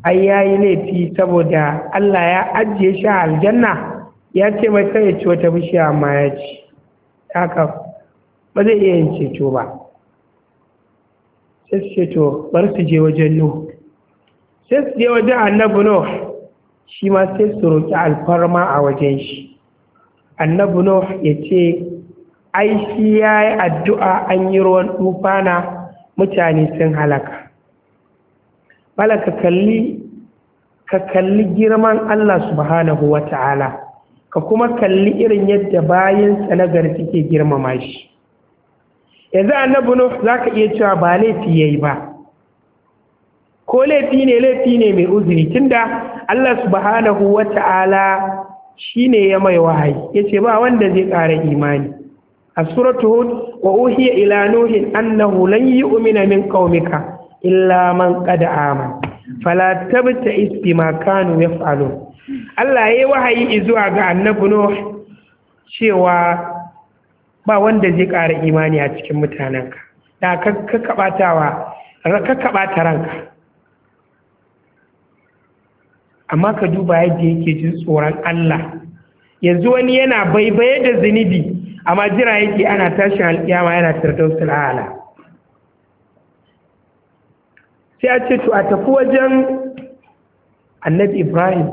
ai yayi laifi saboda Allah ya ajiye shi a aljanna ya ce mai sai ya ci wata bishiya amma ya ci haka ba zai iya yin ceto ba sai to bar su je wajen nuhu sai su je wajen annabi nuhu shi ma sai su roƙi alfarma a wajen shi annabi nuhu ya ce ai shi ya yi addu'a an yi ruwan tufana mutane sun halaka bala ka kalli ka kalli girman Allah subhanahu wa ta'ala ka kuma kalli irin yadda bayansa na take girmama shi yanzu annabi za ka iya cewa ba laifi yayi ba ko laifi ne laifi ne mai uzuri tunda Allah subhanahu wata'ala shine ya mai wahayi yace ba wanda zai ƙara imani a suratu hud wa uhiya ila nuhin annahu lan yu'mina min qaumika illa man qad amana fala tabta bima kanu yaf'alun Allah yayi wahayi zuwa ga annabi nuh cewa ba wanda zai ƙara imani a cikin mutanenka da ka kaɓata ranka amma ka duba yadda yake jin tsoron Allah yanzu wani yana baibaye da zunubi amma jira yake ana tashin alƙiyama yana firdausul ala sai a ce to a tafi wajen annabi ibrahim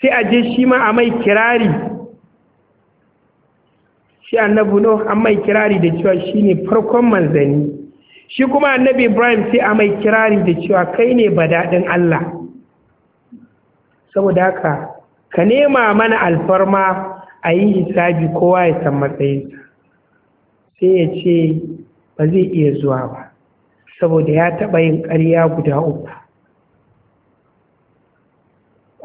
sai a je shi ma a mai kirari shi annabi no an mai kirari da cewa shi ne farkon manzanni shi kuma annabi ibrahim sai a mai kirari da cewa kai ne badadin allah saboda haka ka nema mana alfarma a yi hisabi kowa ya san matsayinsa sai ya ce ba zai iya zuwa ba saboda ya taɓa yin ƙarya guda uku ba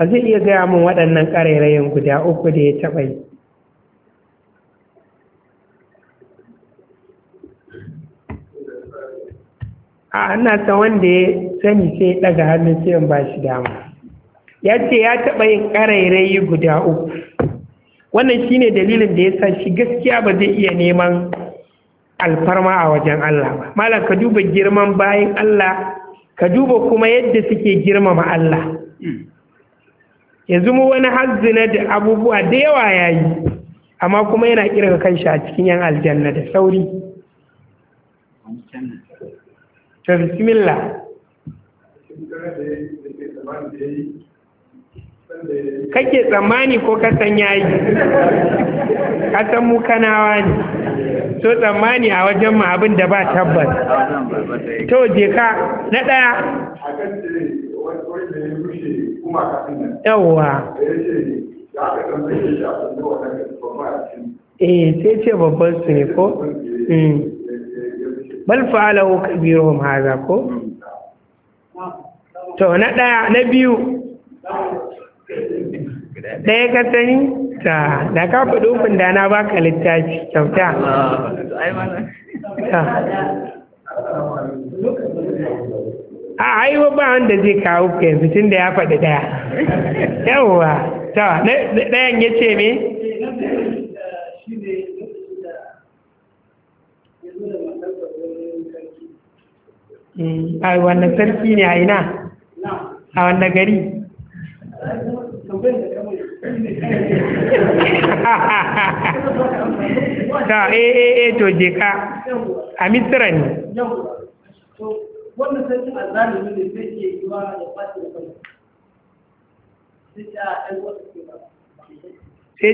zai iya gaya min waɗannan ƙarairayin guda uku da ya taɓa yi a ana san wanda ya sani sai ya ɗaga hannun sai ba shi dama ya ce ya taɓa yin ƙarairayi guda uku wannan shine dalilin da ya sa shi gaskiya ba zai iya neman alfarma a wajen Allah ba malam ka duba girman bayan Allah ka duba kuma yadda suke girmama Allah yanzu mu wani hazzina da abubuwa da yawa ya yi, amma kuma yana kirga kanshi a cikin yan aljanna da sauri ta bismillah kake tsammani ko kasan yayi kasan mu kanawa ne to tsammani a wajen mu abin da ba tabbas to je ka na daya yawwa eh sai ce babban su ne ko hmm. bal fa'alahu kabiruhum haza ko to na ɗaya na biyu ɗaya ka sani ta da ka faɗi hukun da na baka littafi kyauta a ai ba wanda zai kawo ka yanzu tun da ya faɗi ɗaya yawwa ta ɗayan ya ce me Eh, a wannan sarki ne a ina a wannan gari ta aaa eh, eh, to je ka a misira ne wannan sai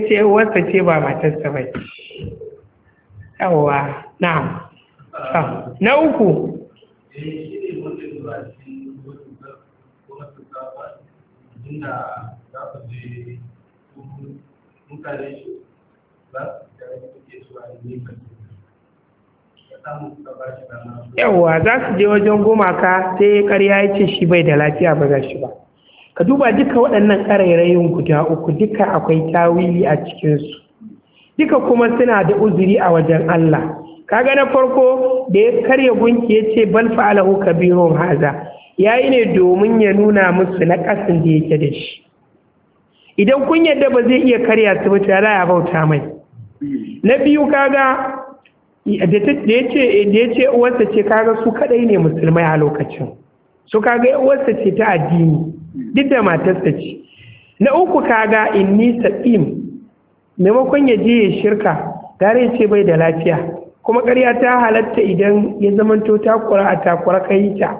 ce wasa ce ba matarsa ba yawwa na na uku yawwa za su je wajen gumaka sai karya ya ce shi bai da lafiya ba za shi ba ka duba duka waɗannan ƙarairayin guda uku duka akwai tawili a cikinsu duka kuma suna da uzuri a wajen Allah kaga na farko da ya karya gunki ya ce bal fa'alahu kabirun haza yi ne domin ya nuna musu na ƙasin da yake da shi idan kun yadda ba zai iya karya su ba to ya bauta mai na biyu kaga da ya ce uwarsa ce kaga su kadai ne musulmai a lokacin su kaga uwarsa ce ta addini duk da matarsa ce na uku kaga inni sa'im maimakon ya je ya shirka gare ce bai da lafiya kuma ƙarya ta halatta idan ya zamanto takura a takura ka yi ta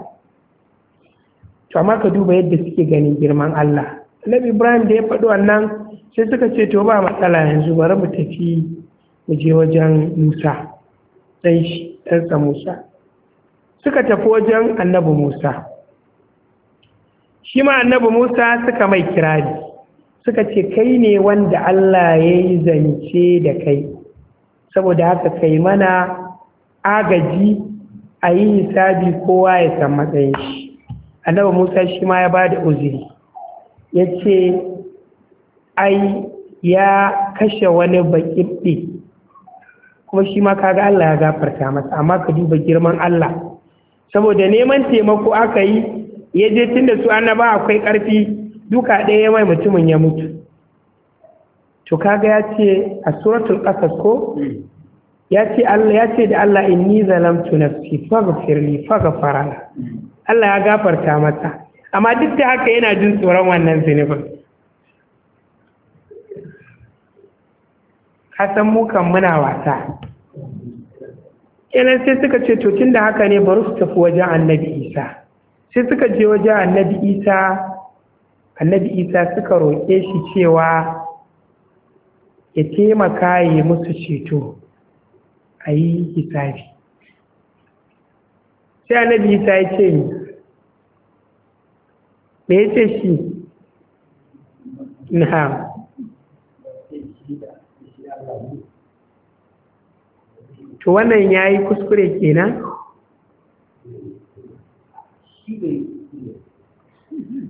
to amma ka duba yadda suke ganin girman Allah Nabi Ibrahim da ya faɗi wannan sai suka ce to ba matsala yanzu bari mu tafi mu je wajen Musa dan shi sa Musa suka tafi wajen Annabi Musa shi ma Annabi Musa suka mai kirari suka ce kai ne wanda Allah ya yi zance da kai saboda haka kai mana agaji a yi hisabi kowa ya san matsayin shi annabi musa shi ma ya ba da uzuri ya ce ai ya kashe wani baƙiɓɓe kuma shi ma kaga allah ya gafarta masa amma ka duba girman allah saboda neman taimako aka yi ya je tun da su annaba akwai ƙarfi duka ɗaya mai mutumin ya mutu to kaga ya ce a suratul qasas ko ya ce Allah ya ce da Allah inni zalamtu nafsi faghfirli faghfara Allah ya gafarta masa amma duk da haka yana jin tsoron wannan zinubin ka san mu kan muna wasa kenan sai suka ce to tun da haka ne bari su tafi wajen annabi isa sai suka je wajen annabi isa annabi isa suka roƙe shi cewa ya taimaka ya musu ceto a yi hisabi sai annabi isa ya ce ni me ya ce shi na to wannan ya yi kuskure kenan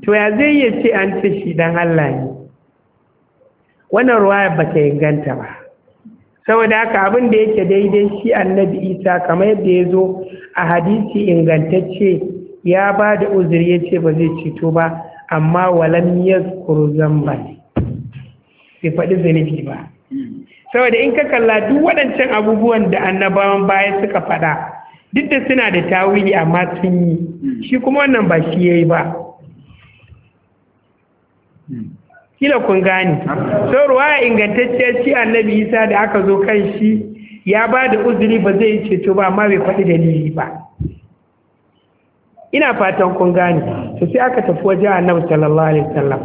to ya zai iya ce an ce shi dan Allah ne wannan ruwaya ba ta inganta ba saboda haka abin da yake daidai shi annabi isa kamar yadda ya zo a hadisi ingantacce ya ba da uzuri ya ce ba zai cito ba amma walam ya zukuru zamba bai faɗi zunubi ba saboda in ka kalla duk waɗancan abubuwan da annabawan baya suka faɗa duk da suna da tawili amma sun yi shi kuma wannan ba shi ya yi ba hmm. kila kun gane sau ruwaya ingantacciyar ci annabi isa da aka zo kan shi ya ba da uzuri ba zai ceto ba amma bai faɗi dalili ba ina fatan kun gane to sai aka tafi waje annabi sallallahu alaihi wasallam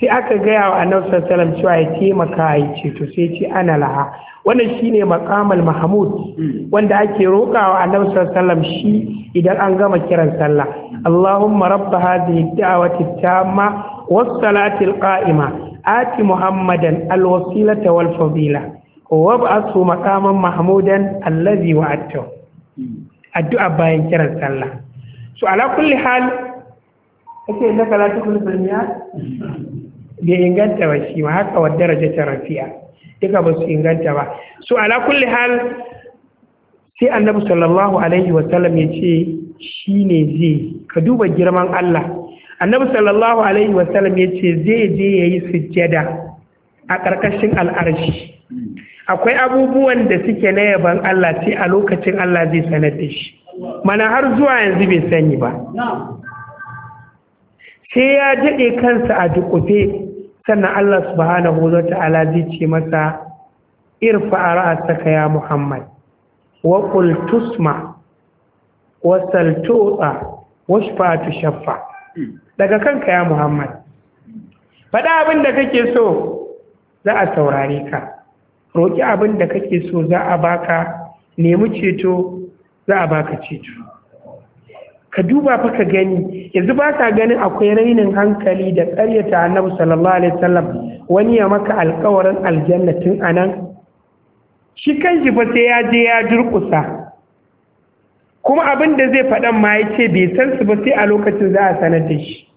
sai aka gaya wa annabi sallallahu alaihi wasallam cewa ya taimaka ya ceto sai ce ana laha wannan shine maqamul mahmud wanda ake rokawa annabi sallallahu alaihi wasallam shi idan an gama kiran sallah allahumma rabb hadhihi da'wati tamma والصلاة القائمة آت محمدا الوسيلة والفضيلة وابعثه مقاما محمودا الذي وعدته الدعاء باين كرا صلى سو على كل حال أكيد لك لا تكون في المياه بإنجان توشي وهكا والدرجة رفيعة duka ba su inganta ba su ala kulli hal sai annabi sallallahu alaihi wasallam ya ce shi ne zai ka duba girman Allah annabi sallallahu alaihi wasallam ya ce zai je ya yi sujjada a ƙarƙashin al'arshi akwai abubuwan da suke na yaban Allah sai a lokacin Allah zai sanar da shi mana har zuwa yanzu bai sani ba sai ya jaɗe kansa a dukufe sannan Allah subhanahu wa ta'ala zai ce masa irfa a ra'asaka ya Muhammad wa qul tusma wa sal wa shaffa daga kanka ya muhammad faɗa abin da kake so za a saurare ka roƙi abin da kake so za a baka nemi ceto za a baka ceto ka duba fa ka gani yanzu ba ka ganin akwai rainin hankali da ƙaryata annabi sallallahu alaihi wasallam wani ya maka alƙawarin aljanna tun nan. shi kan kanshi fa sai ya je ya durƙusa kuma abin da zai faɗan ma ya ce bai san su ba sai a lokacin za a sanar da shi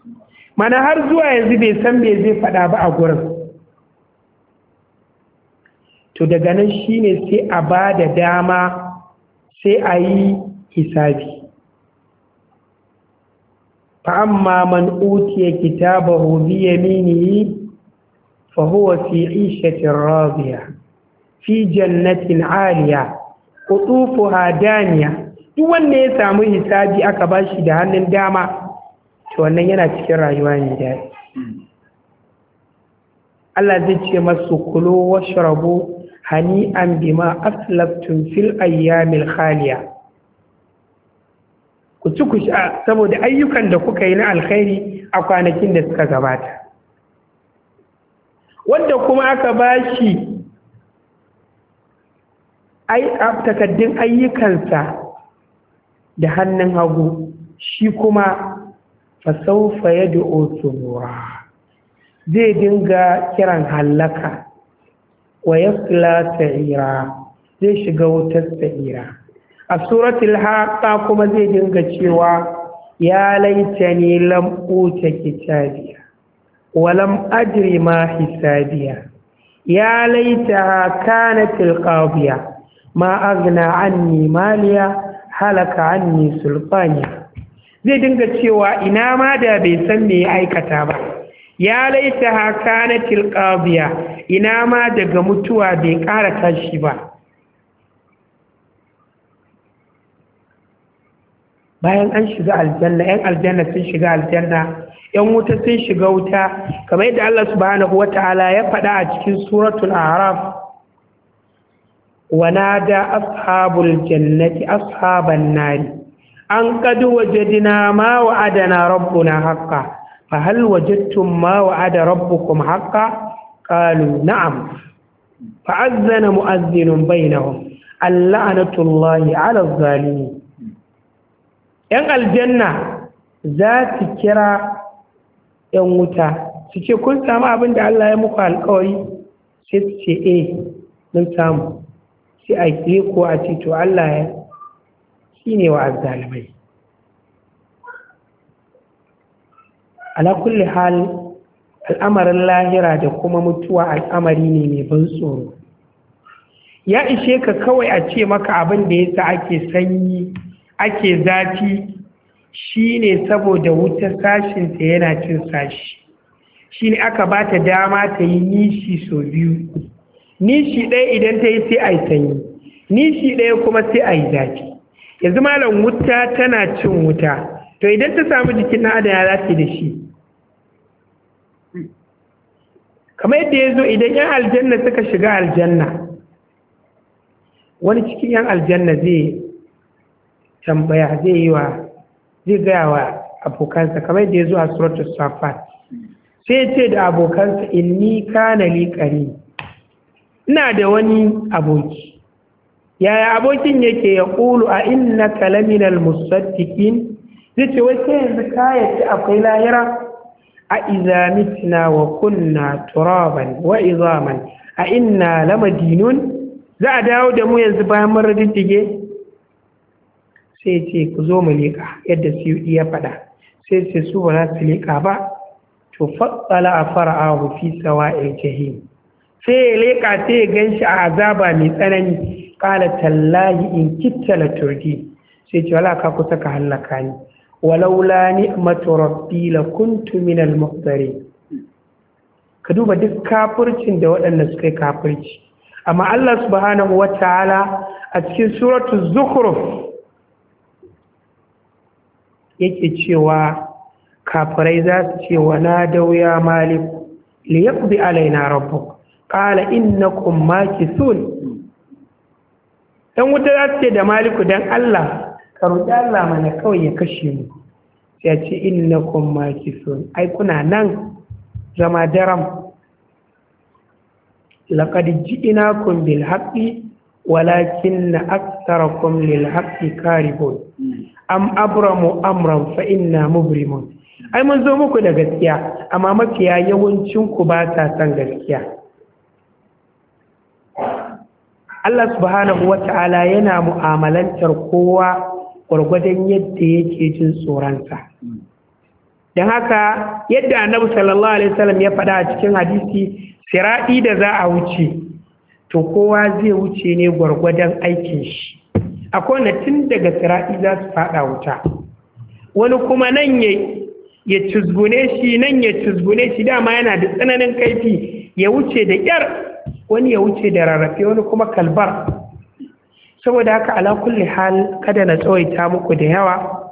mana har zuwa yanzu bai san me zai faɗa ba a gurin to daga nan shine sai a ba da dama sai a yi hisabi fa'amma man utiya kitabahu bi yaminihi fa huwa fi 'ishatin radiya fi jannatin 'aliya qutufuha daniya duk wanda ya samu hisabi aka bashi da hannun dama to wannan yana cikin rayuwa mai daɗi Allah zai ce masu kulo shirabu hani an ma aslaftum fil ayyamil khaliya ku ci ku sha saboda ayyukan da kuka yi na alkhairi a kwanakin da suka gabata wanda kuma aka bashi ai takaddun ayyukansa da hannun hagu shi kuma fasaufa ya da'o sunura zai dinga kiran hallaka wa ya sa'ira zai shiga wutar sa'ira a suratul haqa kuma zai dinga cewa ya laitani lam uta kitabiya wa lam ajri ma hisabiya ya laitaha kanatil qadiya ma aghna anni maliya halaka anni sulfaniya zai dinga cewa ina ma da bai san me ya aikata ba ya laita haka na tilkabiya ina ma daga mutuwa bai ƙara tashi ba bayan an shiga aljanna yan aljanna sun shiga aljanna yan wuta sun shiga wuta kamar yadda Allah subhanahu wata'ala ya faɗa a cikin suratul araf wa nada ashabul jannati ashaban nari an qad wajadna ma wa'adana rabbuna haqqan fa hal wajadtum ma wa'ada rabbukum haqqan qalu na'am azzana mu'azzinun bainahum al'anatullahi 'ala adh-dhalimin yan aljanna za su kira yan wuta su ce kun samu abin da Allah ya muku alkawari sai ce eh mun samu sai a ko a ce to Allah ya shi ne wa azzalimai ala kulli hal al'amarin lahira da kuma mutuwa al'amari ne mai ban tsoro ya ishe ka kawai a ce maka abin da yasa ake sanyi ake zafi shine saboda wuta sashinta yana cin sashi shine aka ba ta dama ta yi nishi so biyu nishi ɗaya idan ta yi sai a yi sanyi nishi ɗaya kuma sai a yi zafi yanzu malam wuta tana cin wuta to idan ta samu jikin na adana ya zafi da shi kamar yadda ya zo idan yan aljanna suka shiga aljanna wani cikin yan aljanna zai tambaya zai yi wa zai gaya wa abokansa kamar yadda ya zo a suratul safat sai ya ce da abokansa inni kana liƙari ina da wani aboki yaya abokin yake ya ƙulu a inna kalaminal musaddiqin zai ce wai sai yanzu ka yace akwai lahira a iza mitna wa kunna turaban wa izaman a inna lamadinun za a dawo da mu yanzu bayan mun riddige sai ce ku zo mu leƙa yadda su ya faɗa sai ce su ba za su leƙa ba to fatsala a fara'ahu fi sawa'il jahim sai ya leƙa sai ya ganshi a azaba mai tsanani Kala tallahi in kitta la turdi sai ce wala ka kusa ka hallaka ni walaula ni'matu rabbi la kuntu min al ka duba duk kafircin da waɗanda suka yi kafirci amma Allah subhanahu wa ta'ala a cikin suratu zukhruf yake cewa kafirai za su ce wa na dauya malik li alaina rabbuk qala innakum makithun ɗan wuta za su ce da maliku don Allah ka roƙi Allah mana kawai ya kashe mu ya ce innakum makisun ai kuna nan zama daram ina kun bil na walakinna kun lil haqqi karibun am abramu amran fa inna mubrimun ai mun zo muku da gaskiya amma mafiya yawancinku ba ta san gaskiya Allah subhanahu wa ta'ala yana mu'amalantar kowa gwargwadon yadda yake jin tsoronsa don haka yadda annabi sallallahu alaihi wasallam ya faɗa a cikin hadisi siraɗi da za a wuce to kowa zai wuce ne gwargwadon aikin shi A wanda tun daga siraɗi za su faɗa wuta wani kuma nan ya cizgune shi nan ya cizgune shi dama yana da tsananin kaifi ya wuce da ƙyar wani ya wuce da rarrafe wani kuma kalbar saboda haka ala kulli hal kada na tsawaita muku da yawa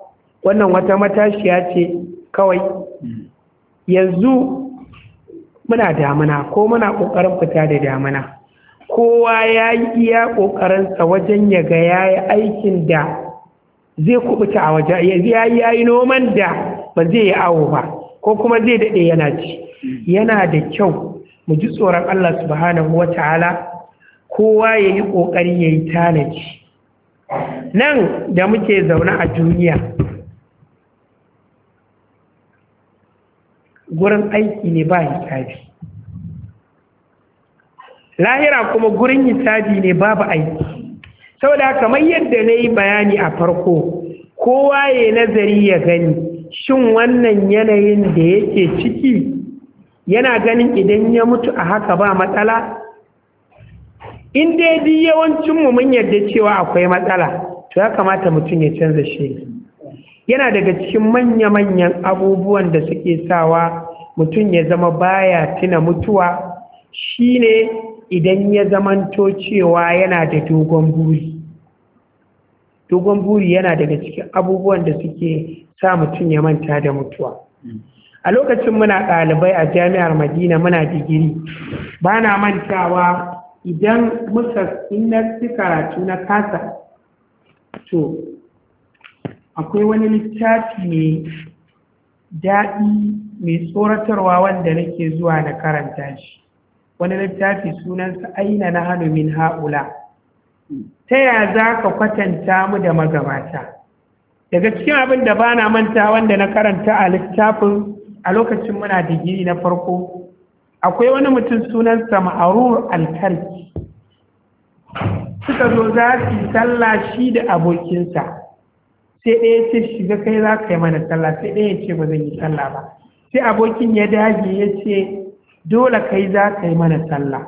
wannan wata matashiya ce kawai yanzu muna damuna ko muna ƙoƙarin fita da damuna kowa ya yi iya ƙoƙarinsa wajen ya ga ya yi aikin da zai kubuta a waje ya yi ya yi noman da ba zai yi awo ba ko kuma zai daɗe yana ci yana da kyau mu ji tsoron Allah subhanahu wa ta'ala kowa ya yi ƙoƙari ya yi tanaji nan da muke zaune a duniya gurin aiki ne ba hisabi lahira kuma gurin hisabi ne babu aiki saboda kamar yadda na yi bayani a farko kowa ya nazari ya gani shin wannan yanayin da yake ciki yana ganin idan ya mutu a haka ba matsala in dai di yawancinmu mun yarda cewa akwai matsala to ya kamata mutum ya canza shi yana daga cikin manya-manyan abubuwan da suke sawa mutum ya zama baya tuna mutuwa shine idan ya zamanto cewa yana da dogon buri dogon buri yana daga cikin abubuwan da suke sa mutum ya manta da mutuwa mm. a lokacin muna ɗalibai a jami'ar madina muna digiri ba na mantawa idan muka na karatu na kasa to akwai wani littafi ne daɗi mai tsoratarwa wanda nake zuwa na karanta shi wani littafi sunansa aina na hannu min ha'ula ta ya za ka kwatanta mu da magabata daga cikin abin da ba na manta wanda na karanta a littafin a lokacin muna digiri na farko akwai wani mutum sunansa ma'arur alkarki suka zo za su yi sallah shi da abokinsa sai ɗaya ce shiga kai za ka yi mana sallah sai ɗaya ce ba zan yi sallah ba sai abokin ya dage ya ce dole kai za ka yi mana sallah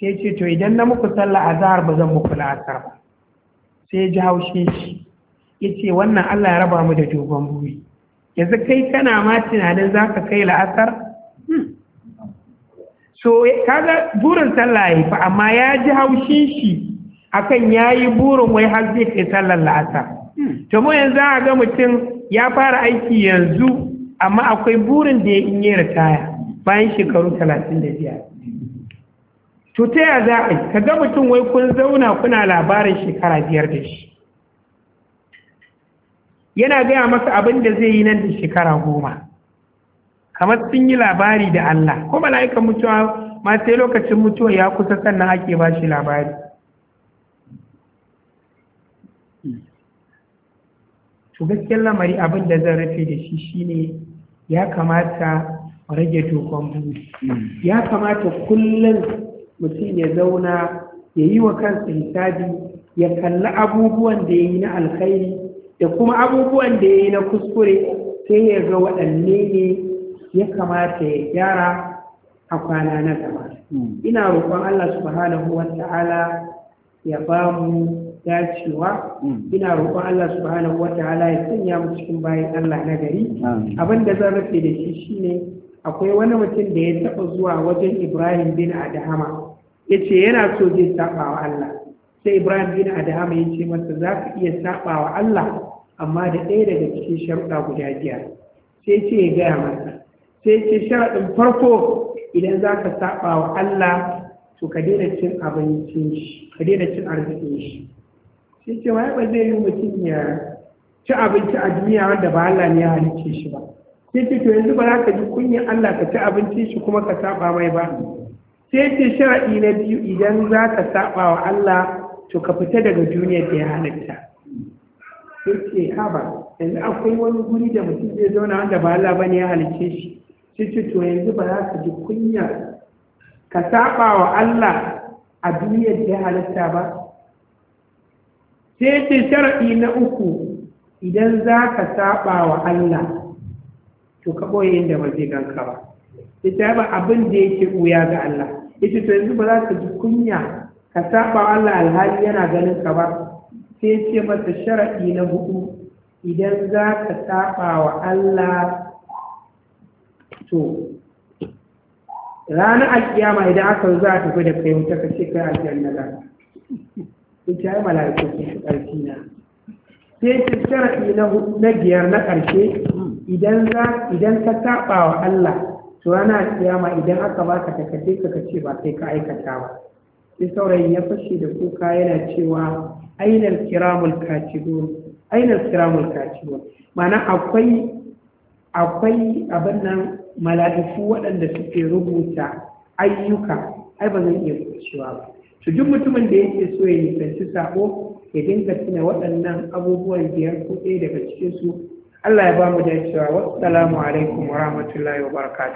sai ce to idan na muku sallah a zahar ba zan muku la'asar ba sai ya ji haushe shi ya wannan Allah ya raba mu da dogon buri yanzu kai kana ma tunanin za ka kai la'asar hmm. so kaga burin sallah ya fa amma ya ji haushin shi akan ya yi burin wai har zai kai sallar la'asar hmm. to mu yanzu a ga mutum ya fara aiki yanzu amma akwai burin da ya in yi ritaya bayan shekaru talatin da biyar to ta ya za a yi ka ga mutum wai kun zauna kuna labarin shekara biyar da shi yana gaya masa abin da zai yi nan da shekara goma kamar sun yi labari da Allah ko mala'ikan mutuwa ma sai lokacin mutuwa ya kusa sannan ake ba shi labari to gaskiyar lamari abin da zan rufe da shi shine ya kamata rage dokon buri ya kamata kullum mutum ya zauna ya yi wa kansa hisabi ya kalli abubuwan da ya yi na alkhairi da kuma abubuwan da ya yi na kuskure sai ya ga waɗanne ne ya kamata ya gyara a kwana na gaba hmm. ina roƙon Allah subhanahu wa ta'ala ya ba mu dacewa hmm. ina roƙon Allah subhanahu wa ta'ala ya sanya mu cikin bayan Allah na gari abin da zan rufe da shi shine akwai wani mutum da ya taɓa zuwa wajen Ibrahim bin Adahama ya ce yana so zai saɓa Allah sai Ibrahim bin Adahama ya ce masa za ka iya saɓa Allah amma da ɗaya daga cikin sharuɗa guda biyar sai ce ya gaya masa sai ce sharaɗin farko idan za ka saɓa wa Allah to ka daina cin abincin shi ka daina cin arzikin shi sai ce wai ba zai yi mutum ya ci abinci a duniya wanda ba Allah ne ya halicce shi ba sai ce to yanzu ba za ka ji kunyan Allah ka ci abincin shi kuma ka saɓa mai ba sai ce sharaɗi na biyu idan za ka saɓa wa Allah to ka fita daga duniyar da ya halitta suke haba yanzu akwai wani guri da mutum zai zauna wanda ba Allah bane ya halice shi sai ce to yanzu ba za ka ji kunya ka saba wa Allah a duniyar da ya halitta ba sai ce sharaɗi na uku idan za ka saba wa Allah to ka ɓoye inda ba zai ganka ba ita ba abin da yake ɓuya ga Allah ita to yanzu ba za ka ji kunya ka saba wa Allah alhali yana ganin ka ba sai ce mata sharaɗi na hudu idan za ka saba wa Allah to ranar alkiyama idan aka za a tafi da kai wuta ka ce kai na za ita yi mala'iku ke shi ƙarfi na sai ce sharaɗi na biyar na ƙarshe idan za idan ka saba wa Allah to ranar alkiyama idan aka ka takardun ka ce ba sai ka aikata ba sai saurayin ya fashe da kuka yana cewa ainihin kiramul katibun ainihin kiramul katibun mana akwai akwai abin nan mala'iku waɗanda suke rubuta ayyuka ai ba zan iya cewa ba to duk mutumin da yake so ya nisanci sabo ya dinga tuna waɗannan abubuwan biyar ko ɗaya daga cikinsu Allah ya ba mu dacewa salamu alaikum wa rahmatullahi wa barakatuh